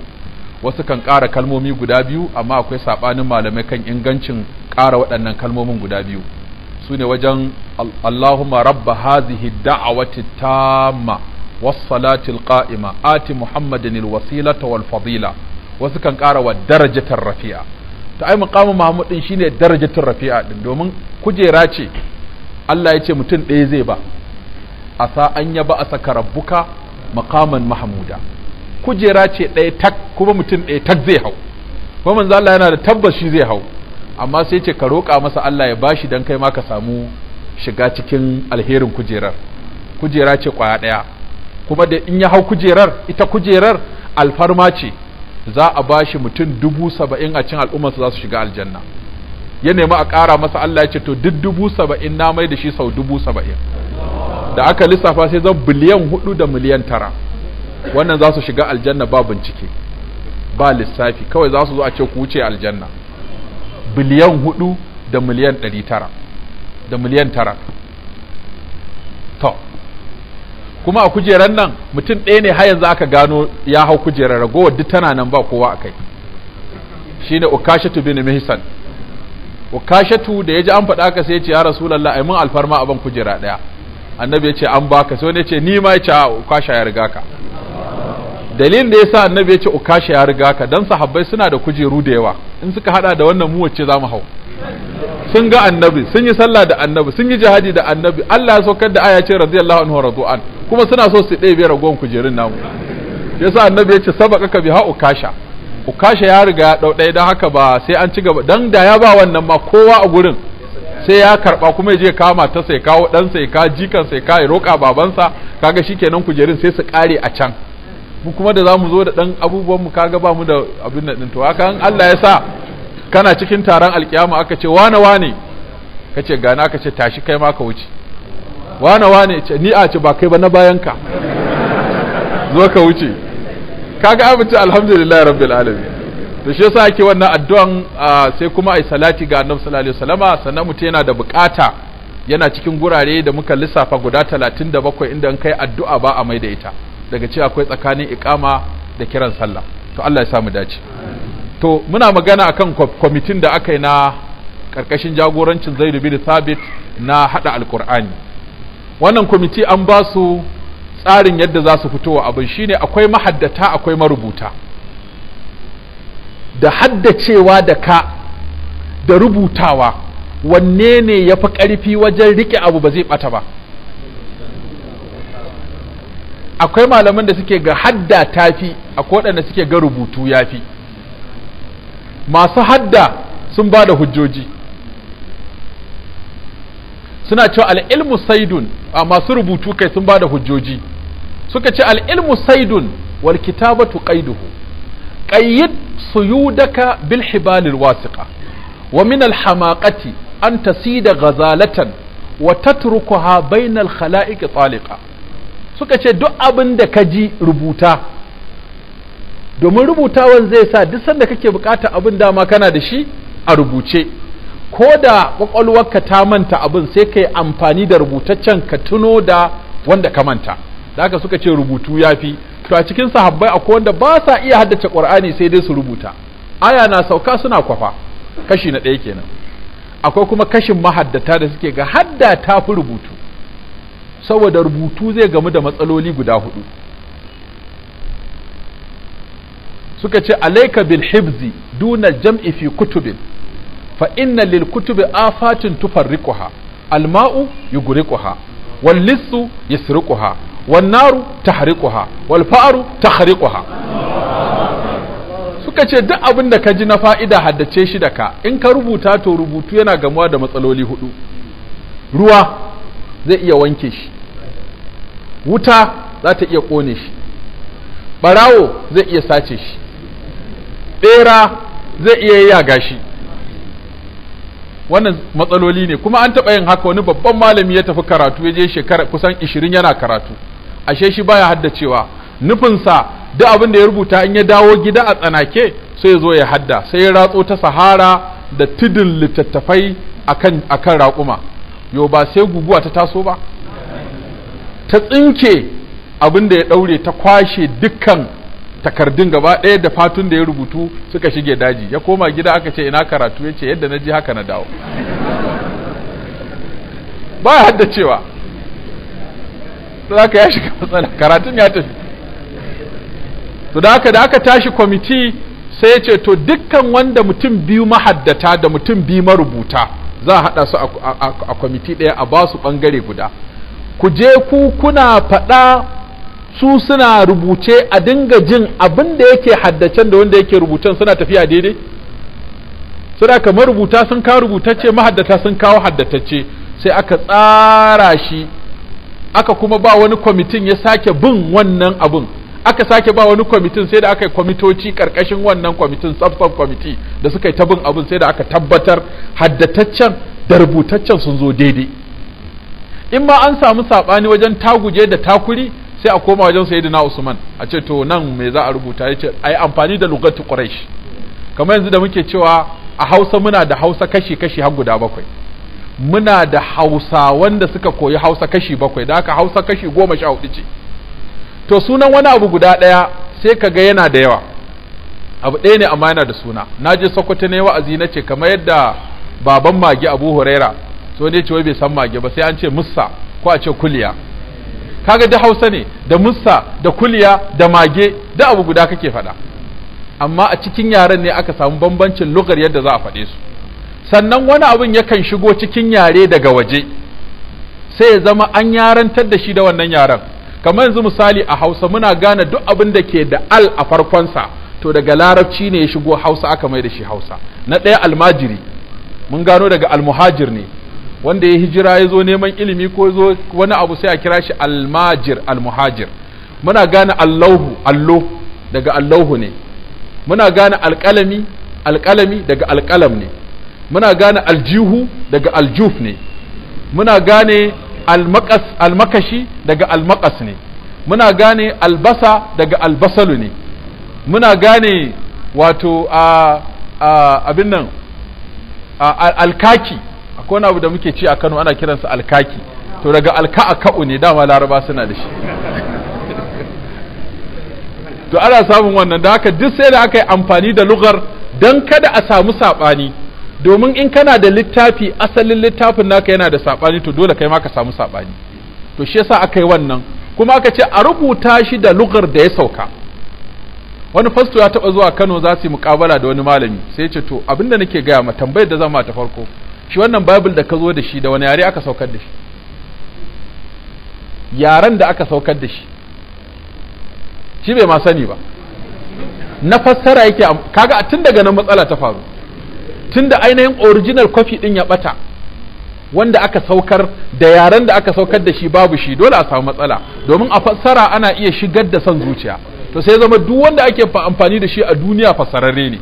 wasu kan ƙara kalmomi guda biyu amma akwai sabanin malamai kan ingancin ƙara waɗannan kalmomin guda biyu su ne wajen Allahumma rabba hazihi da'awati tamma was salati ati muhammadan Wasila wal fadila wasu kan ƙara wa darajatar rafi'a ta ai muqamu mahmud din shine darajatul rafi'a din domin kujera ce Allah ya ce mutum ɗaya zai ba asa an ya ba asaka rabbuka makaman mahmuda kujera ce ɗaya tak kuma mutum ɗaya tak zai hau kuma manzo Allah yana da tabbas shi zai hau amma sai ce ka roƙa masa Allah ya bashi dan kai ma ka samu shiga cikin alherin kujerar kujera ce kwaya ɗaya kuma da in ya hau kujerar ita kujerar alfarma ce za a ba shi mutum dubu saba'in a cin al'ummarsa za su shiga aljanna ya nemi a ƙara masa Allah ya ce to duk dubu saba'in na mai da shi sau dubu saba'in da aka lissafa sai zan biliyan hudu da miliyan tara wannan za su shiga aljanna ba bincike ba lissafi kawai za su zo a ce ku wuce aljanna biliyan hudu da miliyan ɗari tara da miliyan tara to kuma a kujerar nan mutum ɗaya ne har yanzu aka gano ya hau kujerar ragowa duk tana nan ba kowa a kai ne ukashatu bin mihsan ukashatu da ya ji an faɗa ka sai ya ce ya a ai mun alfarma a ban kujera ɗaya annabi ya ce an baka sai wani ya ce ni ma ya ce ukasha ya riga ka dalilin da ya sa annabi ya ce ukasha ya riga ka dan sahabbai suna da kujeru da yawa in suka hada da wannan mu wacce mu hau sun ga annabi sun yi sallah da annabi sun yi jihadi da annabi Allah ya saukar da aya ce radiyallahu anhu radu'an kuma suna so su ɗebe ragon kujerun namu Ya sa annabi ya ce sabaka ka hau ukasha ukasha ya riga ya ɗau ɗaya don haka ba sai an ci gaba don da ya ba wannan ma kowa a gurin sai ya karba kuma ya je kama ta sai kawo dan sai ka jikan sai ka roƙa babansa kaga shi shikenan kujerun sai su kare a can mu kuma da zamu zo da dan abubuwan mu kaga ba mu da abin nan to haka in Allah ya sa kana cikin taron alkiyama aka ce wane wane kace gana kace tashi kai ma ka wuce wane wane ce ni a ce ba kai ba na bayan ka zo ka wuce kaga abinci alhamdulillah rabbil alamin to shi yasa ake wannan addu'an sai kuma ai salati ga annabi sallallahu alaihi wasallama sannan mutum yana da bukata yana cikin gurare da muka lissafa guda 37 inda in kai addu'a ba a mai da ita daga ci akwai tsakanin iqama da kiran sallah to Allah ya samu dace to muna magana akan kwamitin da aka yi na karkashin jagorancin Zaid bin Thabit na hada alqur'ani wannan kwamiti an ba su tsarin yadda za su fito wa abin shine akwai mahaddata akwai marubuta da haddacewa da ka da rubutawa wanne ne ya fi ƙarfi wajen riƙe abu ba zai ɓata ba akwai malaman da suke ga hadda ta fi akwai waɗanda suke ga rubutu ya fi. masu hadda sun ba da hujjoji suna cewa al'ilmu saidun a masu rubutu kai sun ba da hujjoji suka ce al'ilmu saidun wal kitabatu qaiduhu qayyid suyudaka bil hibalil wasiqa wa min al hamaqati an tasida ghazalatan wa tatrukuha bainal khala'iq taliqa suka ce duk abin da ka ji rubuta domin rubutawan zai sa duk sanda kake bukata abin dama kana da shi a rubuce ko da kwakwalwarka ta manta abin sai ka yi amfani da rubutaccen ka tuno da wanda ka manta da haka suka ce rubutu ya fi to a cikin sahabbai akwai wanda ba sa iya haddace qur'ani sai dai su rubuta aya na sauka suna kwafa kashi na ɗaya kenan akwai kuma kashin mahaddata da suke ga hadda ta fi rubutu saboda rubutu zai gamu da matsaloli guda hudu suka ce alaika bil hibzi duna jam'i fi kutubin fa inna lil kutubi afatin tufarriquha al ma'u yugriquha wal lissu yasriquha wan naru tahriquha wal fa'ru tahriquha suka ce duk abin da ka ji na fa'ida haddace shi da ka in ka rubuta to rubutu yana gamuwa da matsaloli hudu ruwa zai iya wanke shi wuta za ta iya kone shi barawo zai iya sace shi bera zai iya yaga shi wannan matsaloli ne kuma an taɓa yin haka wani babban malami ya tafi karatu ya je shekara kusan ishirin yana karatu ashe shi baya haddacewa nufinsa duk abin da ya rubuta in ya dawo gida a tsanake sai ya zo ya hadda sai ya ratso ta sahara da tudun littattafai a akan raƙuma yau ba sai guguwa ta taso ba ta tsinke abin da ya ɗaure ta kwashe dukkan takardun gaba ɗaya da fatun da ya rubutu suka shige daji ya koma gida aka ce ina karatu ya ce yadda na ji haka na dawo ba ya hadda cewa ka ya shiga matsala karatun ya tafi to da aka da aka tashi kwamiti sai ya ce to dukkan wanda mutum biyu mahaddata da mutum biyu marubuta za a haɗa su a kwamiti ɗaya a ba su ɓangare guda ku je ku kuna faɗa su suna rubuce a dinga jin abin da yake haddacen da wanda yake rubucen suna tafiya daidai suna kamar rubuta sun kawo rubutacce mahaddata sun kawo haddatacce sai aka tsara shi aka kuma ba wani kwamitin ya sake bin wannan abin aka sake ba wani kwamitin sai da aka yi kwamitoci karkashin wannan kwamitin sub kwamiti da suka yi ta bin abin sai da aka tabbatar haddataccen da rubutaccen sun zo daidai in ma an samu saɓani wajen taguje da takuri sai a koma wajen na usman a ce to nan me za a rubuta ya ce a yi amfani da lugatu quraish kamar yanzu da muke cewa a hausa muna da hausa kashi kashi har guda bakwai muna da hausa wanda suka koyi hausa kashi bakwai da aka hausa kashi goma sha hudu ce to sunan wani abu guda ɗaya sai ka ga yana da yawa abu ɗaya ne amma yana da suna na je sokoto ne wa'azi na ce kamar yadda baban mage abu huraira so ne ce wai bai san mage ba sai an ce Musa ko a ce kuliya kaga da hausa ne da Musa da kuliya da mage da abu guda kake faɗa amma a cikin yaren ne aka samu bambancin lugar yadda za a faɗe su sannan wani abin yakan shigo cikin yare daga waje sai ya zama an yarantar da shi da wannan yaren kamar yanzu misali a hausa muna gane duk abin da ke da al a farkonsa to daga larabci ne ya shigo hausa aka mai da shi hausa na ɗaya almajiri mun gano daga almuhajir ne wanda ya hijira ya zo neman ilimi ko zo wani abu sai a kira shi almajir almuhajir muna gane allahu allo daga allahu ne muna gane alƙalami alƙalami daga alƙalam ne muna gane aljihu daga aljuf ne muna gane almakashi daga almakas ne muna gane albasa daga albasalu ne muna gane wato a abin nan alkaki akwai wani abu da muke ci a Kano ana kiransa alkaki to daga alka a ka'u ne dama laraba suna da shi to ana samun wannan da haka duk sai da aka yi amfani da lugar don kada a samu saɓani domin in kana da littafi asalin littafin naka yana da saɓani to dole kai ma ka samu saɓani to shi yasa aka yi wannan kuma aka ce a rubuta shi da lugar da ya sauka wani fasto ya taɓa zuwa kano za su yi muƙabala da wani malami sai ya ce to abinda nake gaya ma tambayar da zama ta farko shi wannan bible da ka zo da shi da wani yare aka saukar da shi yaren da aka saukar da shi shi bai ma sani ba na fassara yake kaga tun daga nan matsala ta faru tun da ainihin original coffee din ya bata wanda aka saukar da yaren da aka saukar da shi babu shi dole a samu matsala domin a fassara ana iya shigar da son zuciya to sai zama duk wanda ake amfani da shi a duniya fassararre ne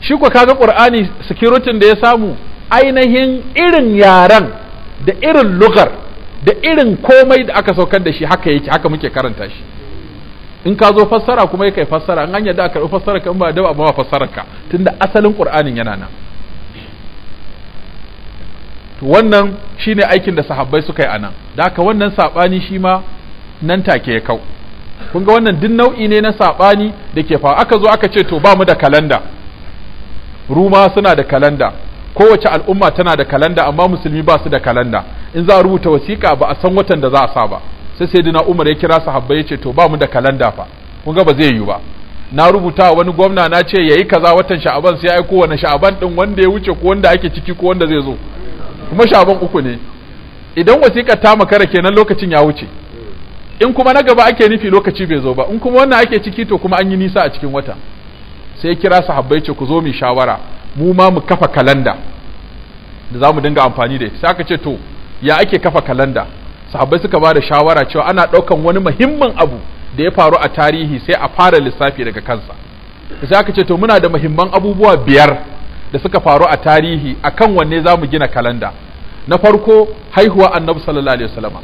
shi ko kaga qur'ani security da ya samu ainihin irin yaren da irin lugar da irin komai da aka saukar da shi haka yake haka muke karanta shi in ka zo fassara kuma ya kai fassara an da aka karɓi fassara ka in ba da ba ba fassarar ka tunda asalin qur'anin yana nan to wannan shine aikin da sahabbai suka yi anan da haka wannan sabani shi ma nan take ya kau kun ga wannan duk nau'i ne na sabani da ke fa aka zo aka ce to ba mu da kalanda ruma suna da kalanda kowace al'umma tana da kalanda amma musulmi ba su da kalanda in za a rubuta wasiƙa ba a san watan da za a sa ba sai sai dina umar ya kira habba ya ce to ba mu da kalanda fa kun ga ba zai yiwu ba na rubuta wani gwamna na ce yayi kaza watan sha'aban sai aiko wani sha'aban din wanda ya wuce ko wanda ake ciki ko wanda zai zo kuma sha'aban uku ne idan wasiƙa ta makara kenan lokacin ya wuce in kuma na gaba ake nufi lokaci bai zo ba in kuma wannan ake ciki to kuma an yi nisa a cikin wata sai kira sahabbai ce ku zo mu shawara mu ma mu kafa kalanda da za mu dinga amfani da ita sai aka ce to ya ake kafa kalanda sahabbai suka ba da shawara cewa ana ɗaukan wani muhimmin abu da ya faru a tarihi sai a fara lissafi daga kansa sai aka ce to muna da muhimman abubuwa biyar da suka faru a tarihi akan wanne za mu gina kalanda na farko haihuwa annabi sallallahu alaihi wasallam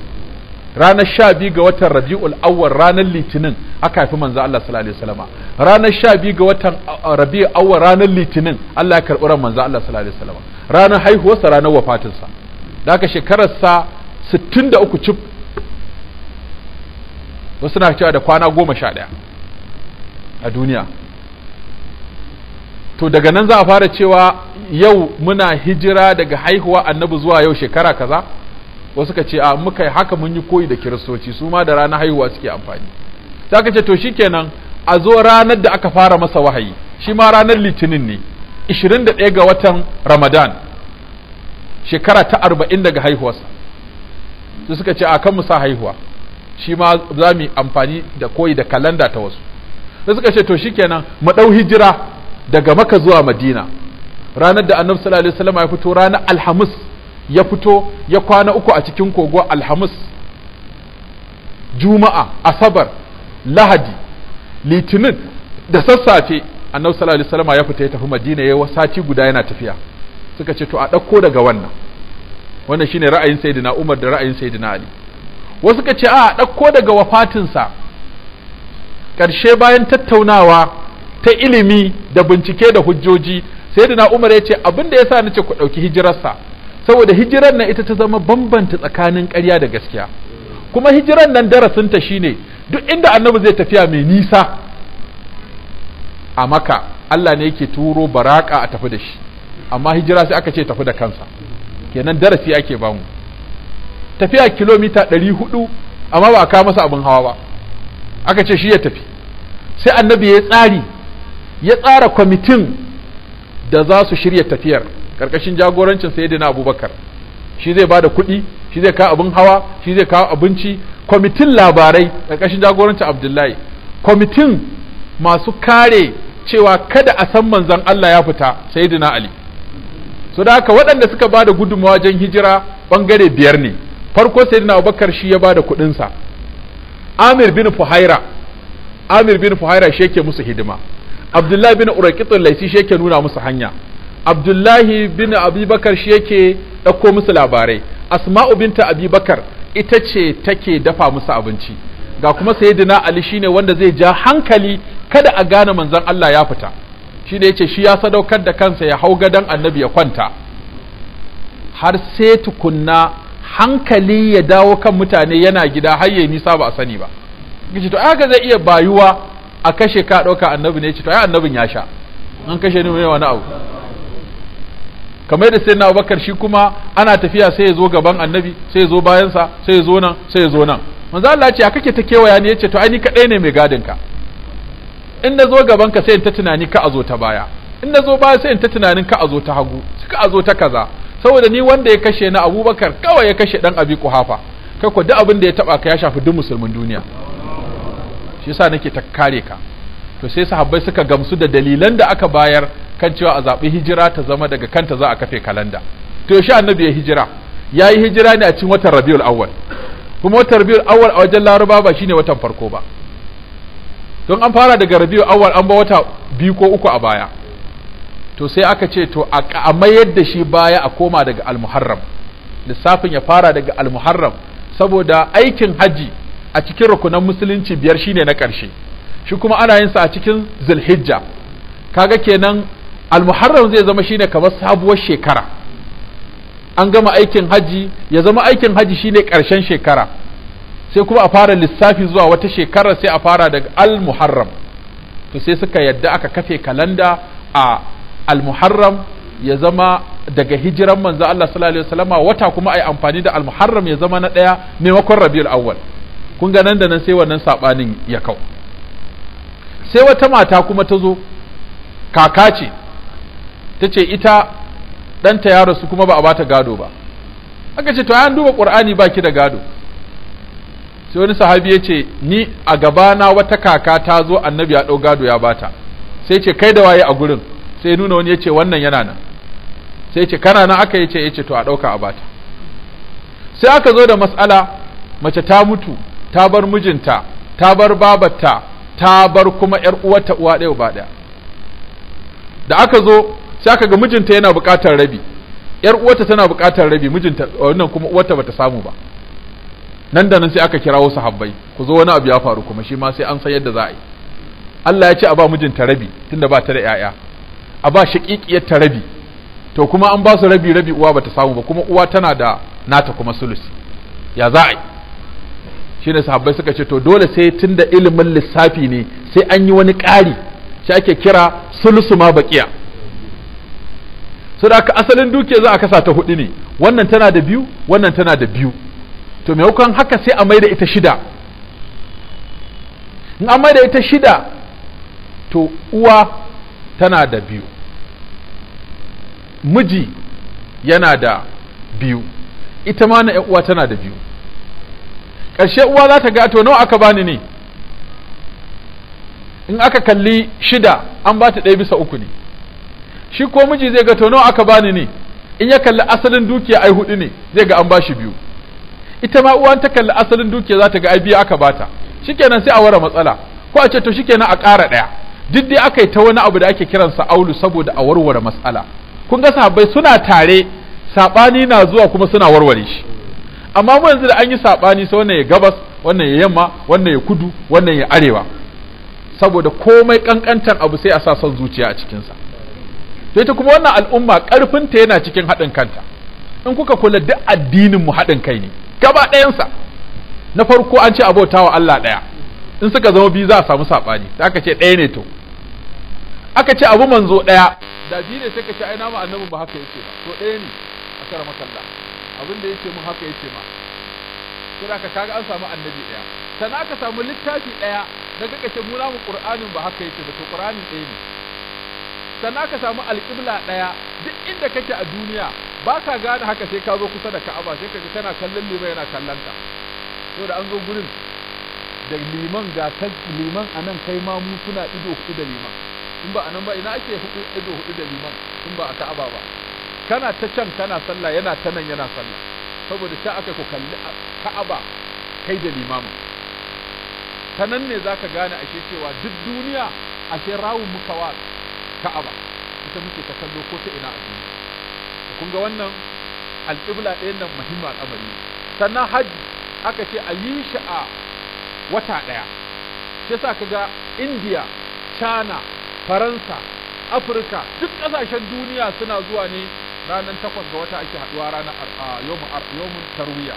ranar sha biyu ga watan rabi'ul awwal ranar litinin aka haifi manzo Allah sallallahu alaihi wasallam ranar sha biyu ga watan rabi'u awwal ranar litinin Allah ya karɓi ran manzo Allah sallallahu alaihi wasallam ranar haihuwarsa ranar wafatinsa da haka shekararsa uku cif wasu na cewa da kwana goma sha ɗaya a duniya to daga nan za a fara cewa yau muna hijira daga haihuwa annabi zuwa yau shekara kaza wasu ka ce a muka haka mun yi koyi da kiristoci su ma da ranar haihuwa suke amfani ta kace ce to shikenan a zo ranar da aka fara masa wahayi shi ma ranar litinin ne 21 ga watan ramadan shekara ta 40 daga haihuwarsa su suka ce a kan sa haihuwa shi ma za mu amfani da koyi da kalanda ta wasu su suka ce to shikenan mu ɗau hijira daga maka zuwa madina ranar da annabi sallallahu alaihi wasallam ya fito ranar alhamis ya fito ya kwana uku a cikin kogo alhamis juma'a asabar lahadi litinin da sassafe annabi sallallahu alaihi ya fita ya tafi madina ya sati guda yana tafiya suka ce to a dauko daga wannan wannan shine ra'ayin sayyidina umar da ra'ayin sayyidina ali wasu suka ce a ɗauko daga wafatinsa Karshe bayan tattaunawa ta ilimi da bincike da hujjoji sayyidina umar ya ce abin da yasa nace ku ɗauki hijirarsa saboda hijirar nan ita ta zama bambanta tsakanin ƙarya da gaskiya kuma hijirar nan darasinta shine duk inda annabi zai tafiya mai nisa a maka Allah ne yake turo baraka a tafi da shi amma hijira sai aka ce tafi da kansa kenan darasi ake bamu tafiya kilomita 400 amma ba a kawo masa abin hawa ba aka ce shi ya tafi sai annabi ya tsari ya tsara kwamitin da za su shirya tafiyar ƙarƙashin jagorancin sai dina abubakar shi zai ba da kuɗi shi zai kawo abin hawa shi zai kawo abinci kwamitin labarai ƙarƙashin jagorancin abdullahi kwamitin masu kare cewa kada a san manzon Allah ya fita dina ali so da haka waɗanda suka ba da gudunmawa wajen hijira ɓangare biyar ne farko dina abubakar shi ya ba da kuɗinsa. amir bin fuhaira amir bin fuhaira shi yake musu hidima abdullahi bin urakitun laisi shi yake nuna musu hanya abdullahi bin abubakar shi yake ɗauko musu labarai asma'u binta abubakar ita ce take dafa musu abinci ga kuma sayyidina ali shine wanda zai ja hankali kada a gane manzon Allah ya fita shi ne yace shi ya sadaukar da kansa ya hau gadon annabi ya kwanta har sai tukunna hankali ya dawo kan mutane yana gida har ya nisa ba a sani ba kace to aka zai iya bayuwa a kashe ka dauka annabi ne yace to ai annabin ya sha an kashe ni wani abu kamar da sai na abubakar shi kuma ana tafiya sai ya zo gaban annabi sai ya zo bayansa sai ya zo nan sai ya zo nan manzo Allah ce a kake ta kewaya ne yace to ai ni kadai ne mai gadin ka in na zo gaban ka sai in ta tunani ka a zo ta baya in na zo baya sai in ta tunanin ka a zo ta hagu ka a zo ta kaza saboda ni wanda ya kashe na abubakar kawai ya kashe dan abi kuhafa kai ko duk abin da ya taba ka ya shafi duk musulmin duniya shi yasa nake ta kare ka to sai sahabbai suka gamsu da dalilan da aka bayar kan cewa a zaɓi hijira ta zama daga kanta za a kafe kalanda to yaushe annabi ya hijira ya yi hijira ne a cikin watan rabiul awwal kuma watan rabiul awwal a wajen laraba ba shine watan farko ba don an fara daga rabiul awwal an ba wata biyu ko uku a baya to sai aka ce to a mayar da shi baya a koma daga almuharram lissafin ya fara daga almuharram saboda aikin haji a cikin rukunan musulunci biyar shine na ƙarshe shi kuma ana yin sa a cikin zulhijja kaga kenan almuharram zai zama shine kamar sabuwar shekara an gama aikin haji ya zama aikin haji shine karshen shekara sai kuma a fara lissafi zuwa wata shekara sai a fara daga almuharram to sai suka yadda aka kafe kalanda a almuharram ya zama daga hijiran manzo Allah sallallahu alaihi wasallama wata kuma ai amfani da almuharram ya zama na daya maimakon rabiul awwal kun ga nan da nan sai wannan sabanin ya kau sai wata mata kuma ta zo kaka ce ta ce ita ɗanta ya rasu kuma ba a bata gado ba aka ce to an duba ƙur'ani ba ki da gado sai wani sahabi ya ce ni a gabana wata kaka ta zo annabi ya ɗau gado ya bata sai ce kai da waye a gurin sai nuna wani ya ce wannan yana nan sai ce kana nan aka yi ce ya ce to a ɗauka a bata sai aka zo da matsala mace ta mutu ta bar mijinta ta bar babarta ta bar kuma ‘yar uwarta uwa ɗaya uba ɗaya da aka zo sai aka ga mijinta yana buƙatar rabi yar uwarta tana buƙatar rabi mijinta wannan kuma uwarta bata samu ba nan da nan sai aka kirawo sahabbai ku zo wani abu ya faru kuma shi ma sai an san yadda za a yi Allah ya ce a ba mijinta rabi tunda ba ta da ƴaƴa a ba shaƙiƙiyar ta rabi to kuma an ba su rabi rabi uwa bata samu ba kuma uwa tana da nata kuma sulusi ya za a yi shine sahabbai suka ce to dole sai tunda ilimin lissafi ne sai an yi wani ƙari shi ake kira sulusu ma baƙiya so da asalin dukiya za a kasa ta hudu ne wannan tana da biyu wannan tana da biyu to maimakon haka sai a mai da ita shida in an mai da ita shida to uwa tana da biyu miji yana da biyu ita ma na e uwa tana da biyu ƙarshe uwa za ta ga to nawa aka bani ne in aka kalli shida an ba ta ɗaya bisa uku ne shi ko miji zai ga to nawa aka bani ne in ya kalli asalin dukiya ai hudu ne zai ga an bashi biyu ita ma uwan ta kalli asalin dukiya za ta ga ai biyu aka bata shikenan sai a wara matsala ko a ce to shikenan a ƙara ɗaya duk dai aka yi ta wani abu da ake kiransa aulu saboda a warware matsala kun ga sahabbai suna tare saɓani na zuwa kuma suna warware shi amma mu yanzu da an yi saɓani sai wannan ya gabas wannan ya yamma wannan ya kudu wannan ya arewa saboda komai kankantan abu sai a sa son zuciya a cikinsa saita ta kuma wannan al'umma karfin ta yana cikin haɗin kanta in kuka kula duk addinin mu haɗin kai ne gaba ɗayansa na farko an ce abotawa Allah ɗaya in suka zama biyu za a samu saɓani da aka ce ɗaya ne to aka ce abu manzo ɗaya da biyu ne sai ka ce ai nama annabin ba haka yake ba to ɗaya ne a kara makalla abin da yake mu haka yake ma sai aka kaga an samu annabi ɗaya sannan aka samu littafi ɗaya daga kashe mu namu qur'anin ba haka yake ba to qur'anin ɗaya ne sannan ka samu alƙibla ɗaya duk inda kake a duniya ba ka gane haka sai ka zo kusa da ka'aba sai ka ga kana kallon liman yana kallon ka saboda an zo gurin da liman ga kan liman anan kai ma mu kuna ido hudu da liman in ba anan ba ina ake hudu ido hudu da liman in ba a ka'aba ba kana ta can kana sallah yana ta nan yana sallah saboda ta aka ku kalli ka'aba kai da limamin ta nan ne ka gane ashe cewa duk duniya ashe rawun muka wasu ka'aba ita muke ta kallo ko ta ina a duniya kun ga wannan alƙibla ɗayan nan muhimmin al'amari sannan hajji aka ce a yi shi a wata ɗaya shi ka ga indiya china faransa afirka duk ƙasashen duniya suna zuwa ne ranar takwas ga wata ake haɗuwa ranar yomin tarwiya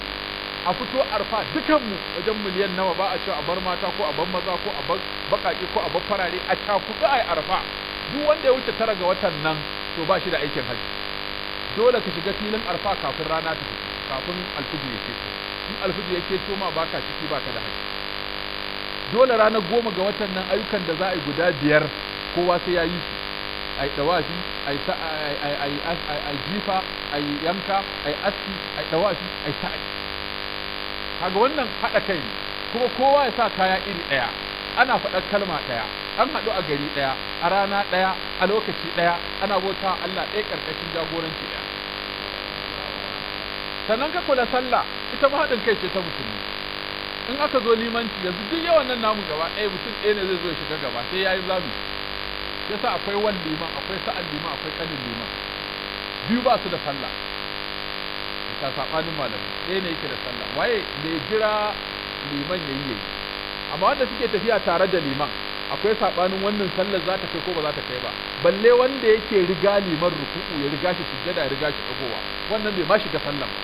a fito arfa dukanmu wajen miliyan nawa ba a ce a bar mata ko a bar maza ko a bar baƙaƙe ko a bar farare a cakuɗu a arfa duk wanda ya wuce tara ga watan nan to ba shi da aikin hajji dole ka shiga filin arfa kafin rana ta fito kafin alfijir ya keto in alfijir ya keto ma baka ciki baka da hajji dole ranar goma ga watan nan ayyukan da za a yi guda biyar kowa sai ya yi su a yi ɗawafi a yi jifa a yi yanka a yi aski a yi ɗawafi a yi kaga wannan haɗa kai ne kuma kowa ya sa kaya iri ɗaya ana faɗar kalma ɗaya an haɗu a gari ɗaya a rana ɗaya a lokaci ɗaya ana bauta Allah ɗaya ƙarƙashin jagoranci ɗaya sannan ka kula sallah ita ma haɗin kai ce ta musulmi in aka zo limanci yanzu duk yawan nan namu gaba ɗaya mutum ɗaya ne zai zo ya shiga gaba sai ya yi Ya yasa akwai wan liman akwai sa'an liman akwai ƙanin liman biyu ba su da sallah ta saɓanin malamai ɗaya ne yake da sallah waye mai jira liman ya yi amma wanda suke tafiya tare da liman akwai saɓanin wannan sallar za ta kai ko ba za ta kai ba balle wanda yake riga liman ruku'u ya riga shi sujjada ya riga shi dagowa wannan bai ma shiga sallar ba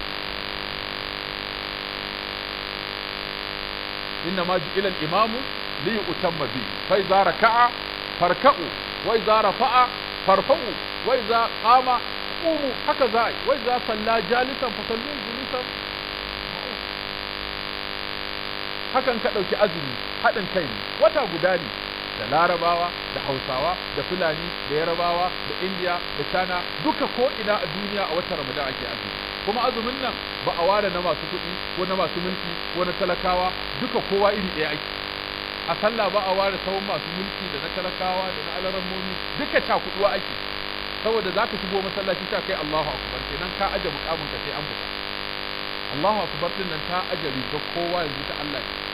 inna ma ila al-imamu li yutamma bi fa idza raka'a farka'u wa idza rafa'a farfa'u wa idza qama qumu haka za wa idza salla jalisan fa sallu julusan hakan ka dauki azumi hadin kai ne wata guda ne da larabawa da hausawa da fulani da yarabawa da indiya da china duka ko'ina a duniya a watan ramadan ake azumi kuma azumin nan ba a ware na masu kuɗi ko na masu mulki ko na talakawa duka kowa iri ɗaya ake a sallah ba a ware tsawon masu mulki da na talakawa da na alarammomi duka cakuɗuwa ake saboda za ka shigo masallaci ta kai Allahu akubar kenan ka aje mukamin ka sai an fita Allahu akubar din nan ta aje riga kowa yanzu ta Allah ne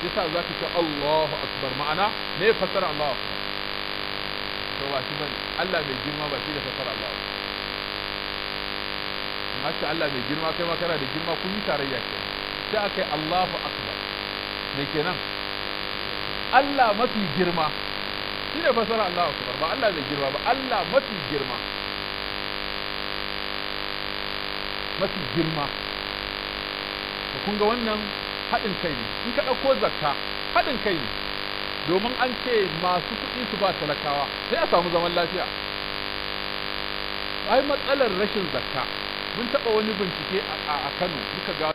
yasa za ka ce Allahu akbar ma'ana me fasara Allahu akbar to ba shi bane Allah mai girma ba shi da fasara Allahu akbar amma Allah mai girma kai ma kana da girma kun yi tarayya ke sai akai Allahu akbar me kenan Allah mafi girma shi ne fasara Allahu akbar ba Allah mai girma ba Allah mafi girma mafi girma kun ga wannan haɗin kai ne in ka ɗauko zakka haɗin kai ne domin an ce masu kuɗi su ba talakawa sai a samu zaman lafiya ai matsalar rashin zakka mun taɓa wani bincike a Kano muka ga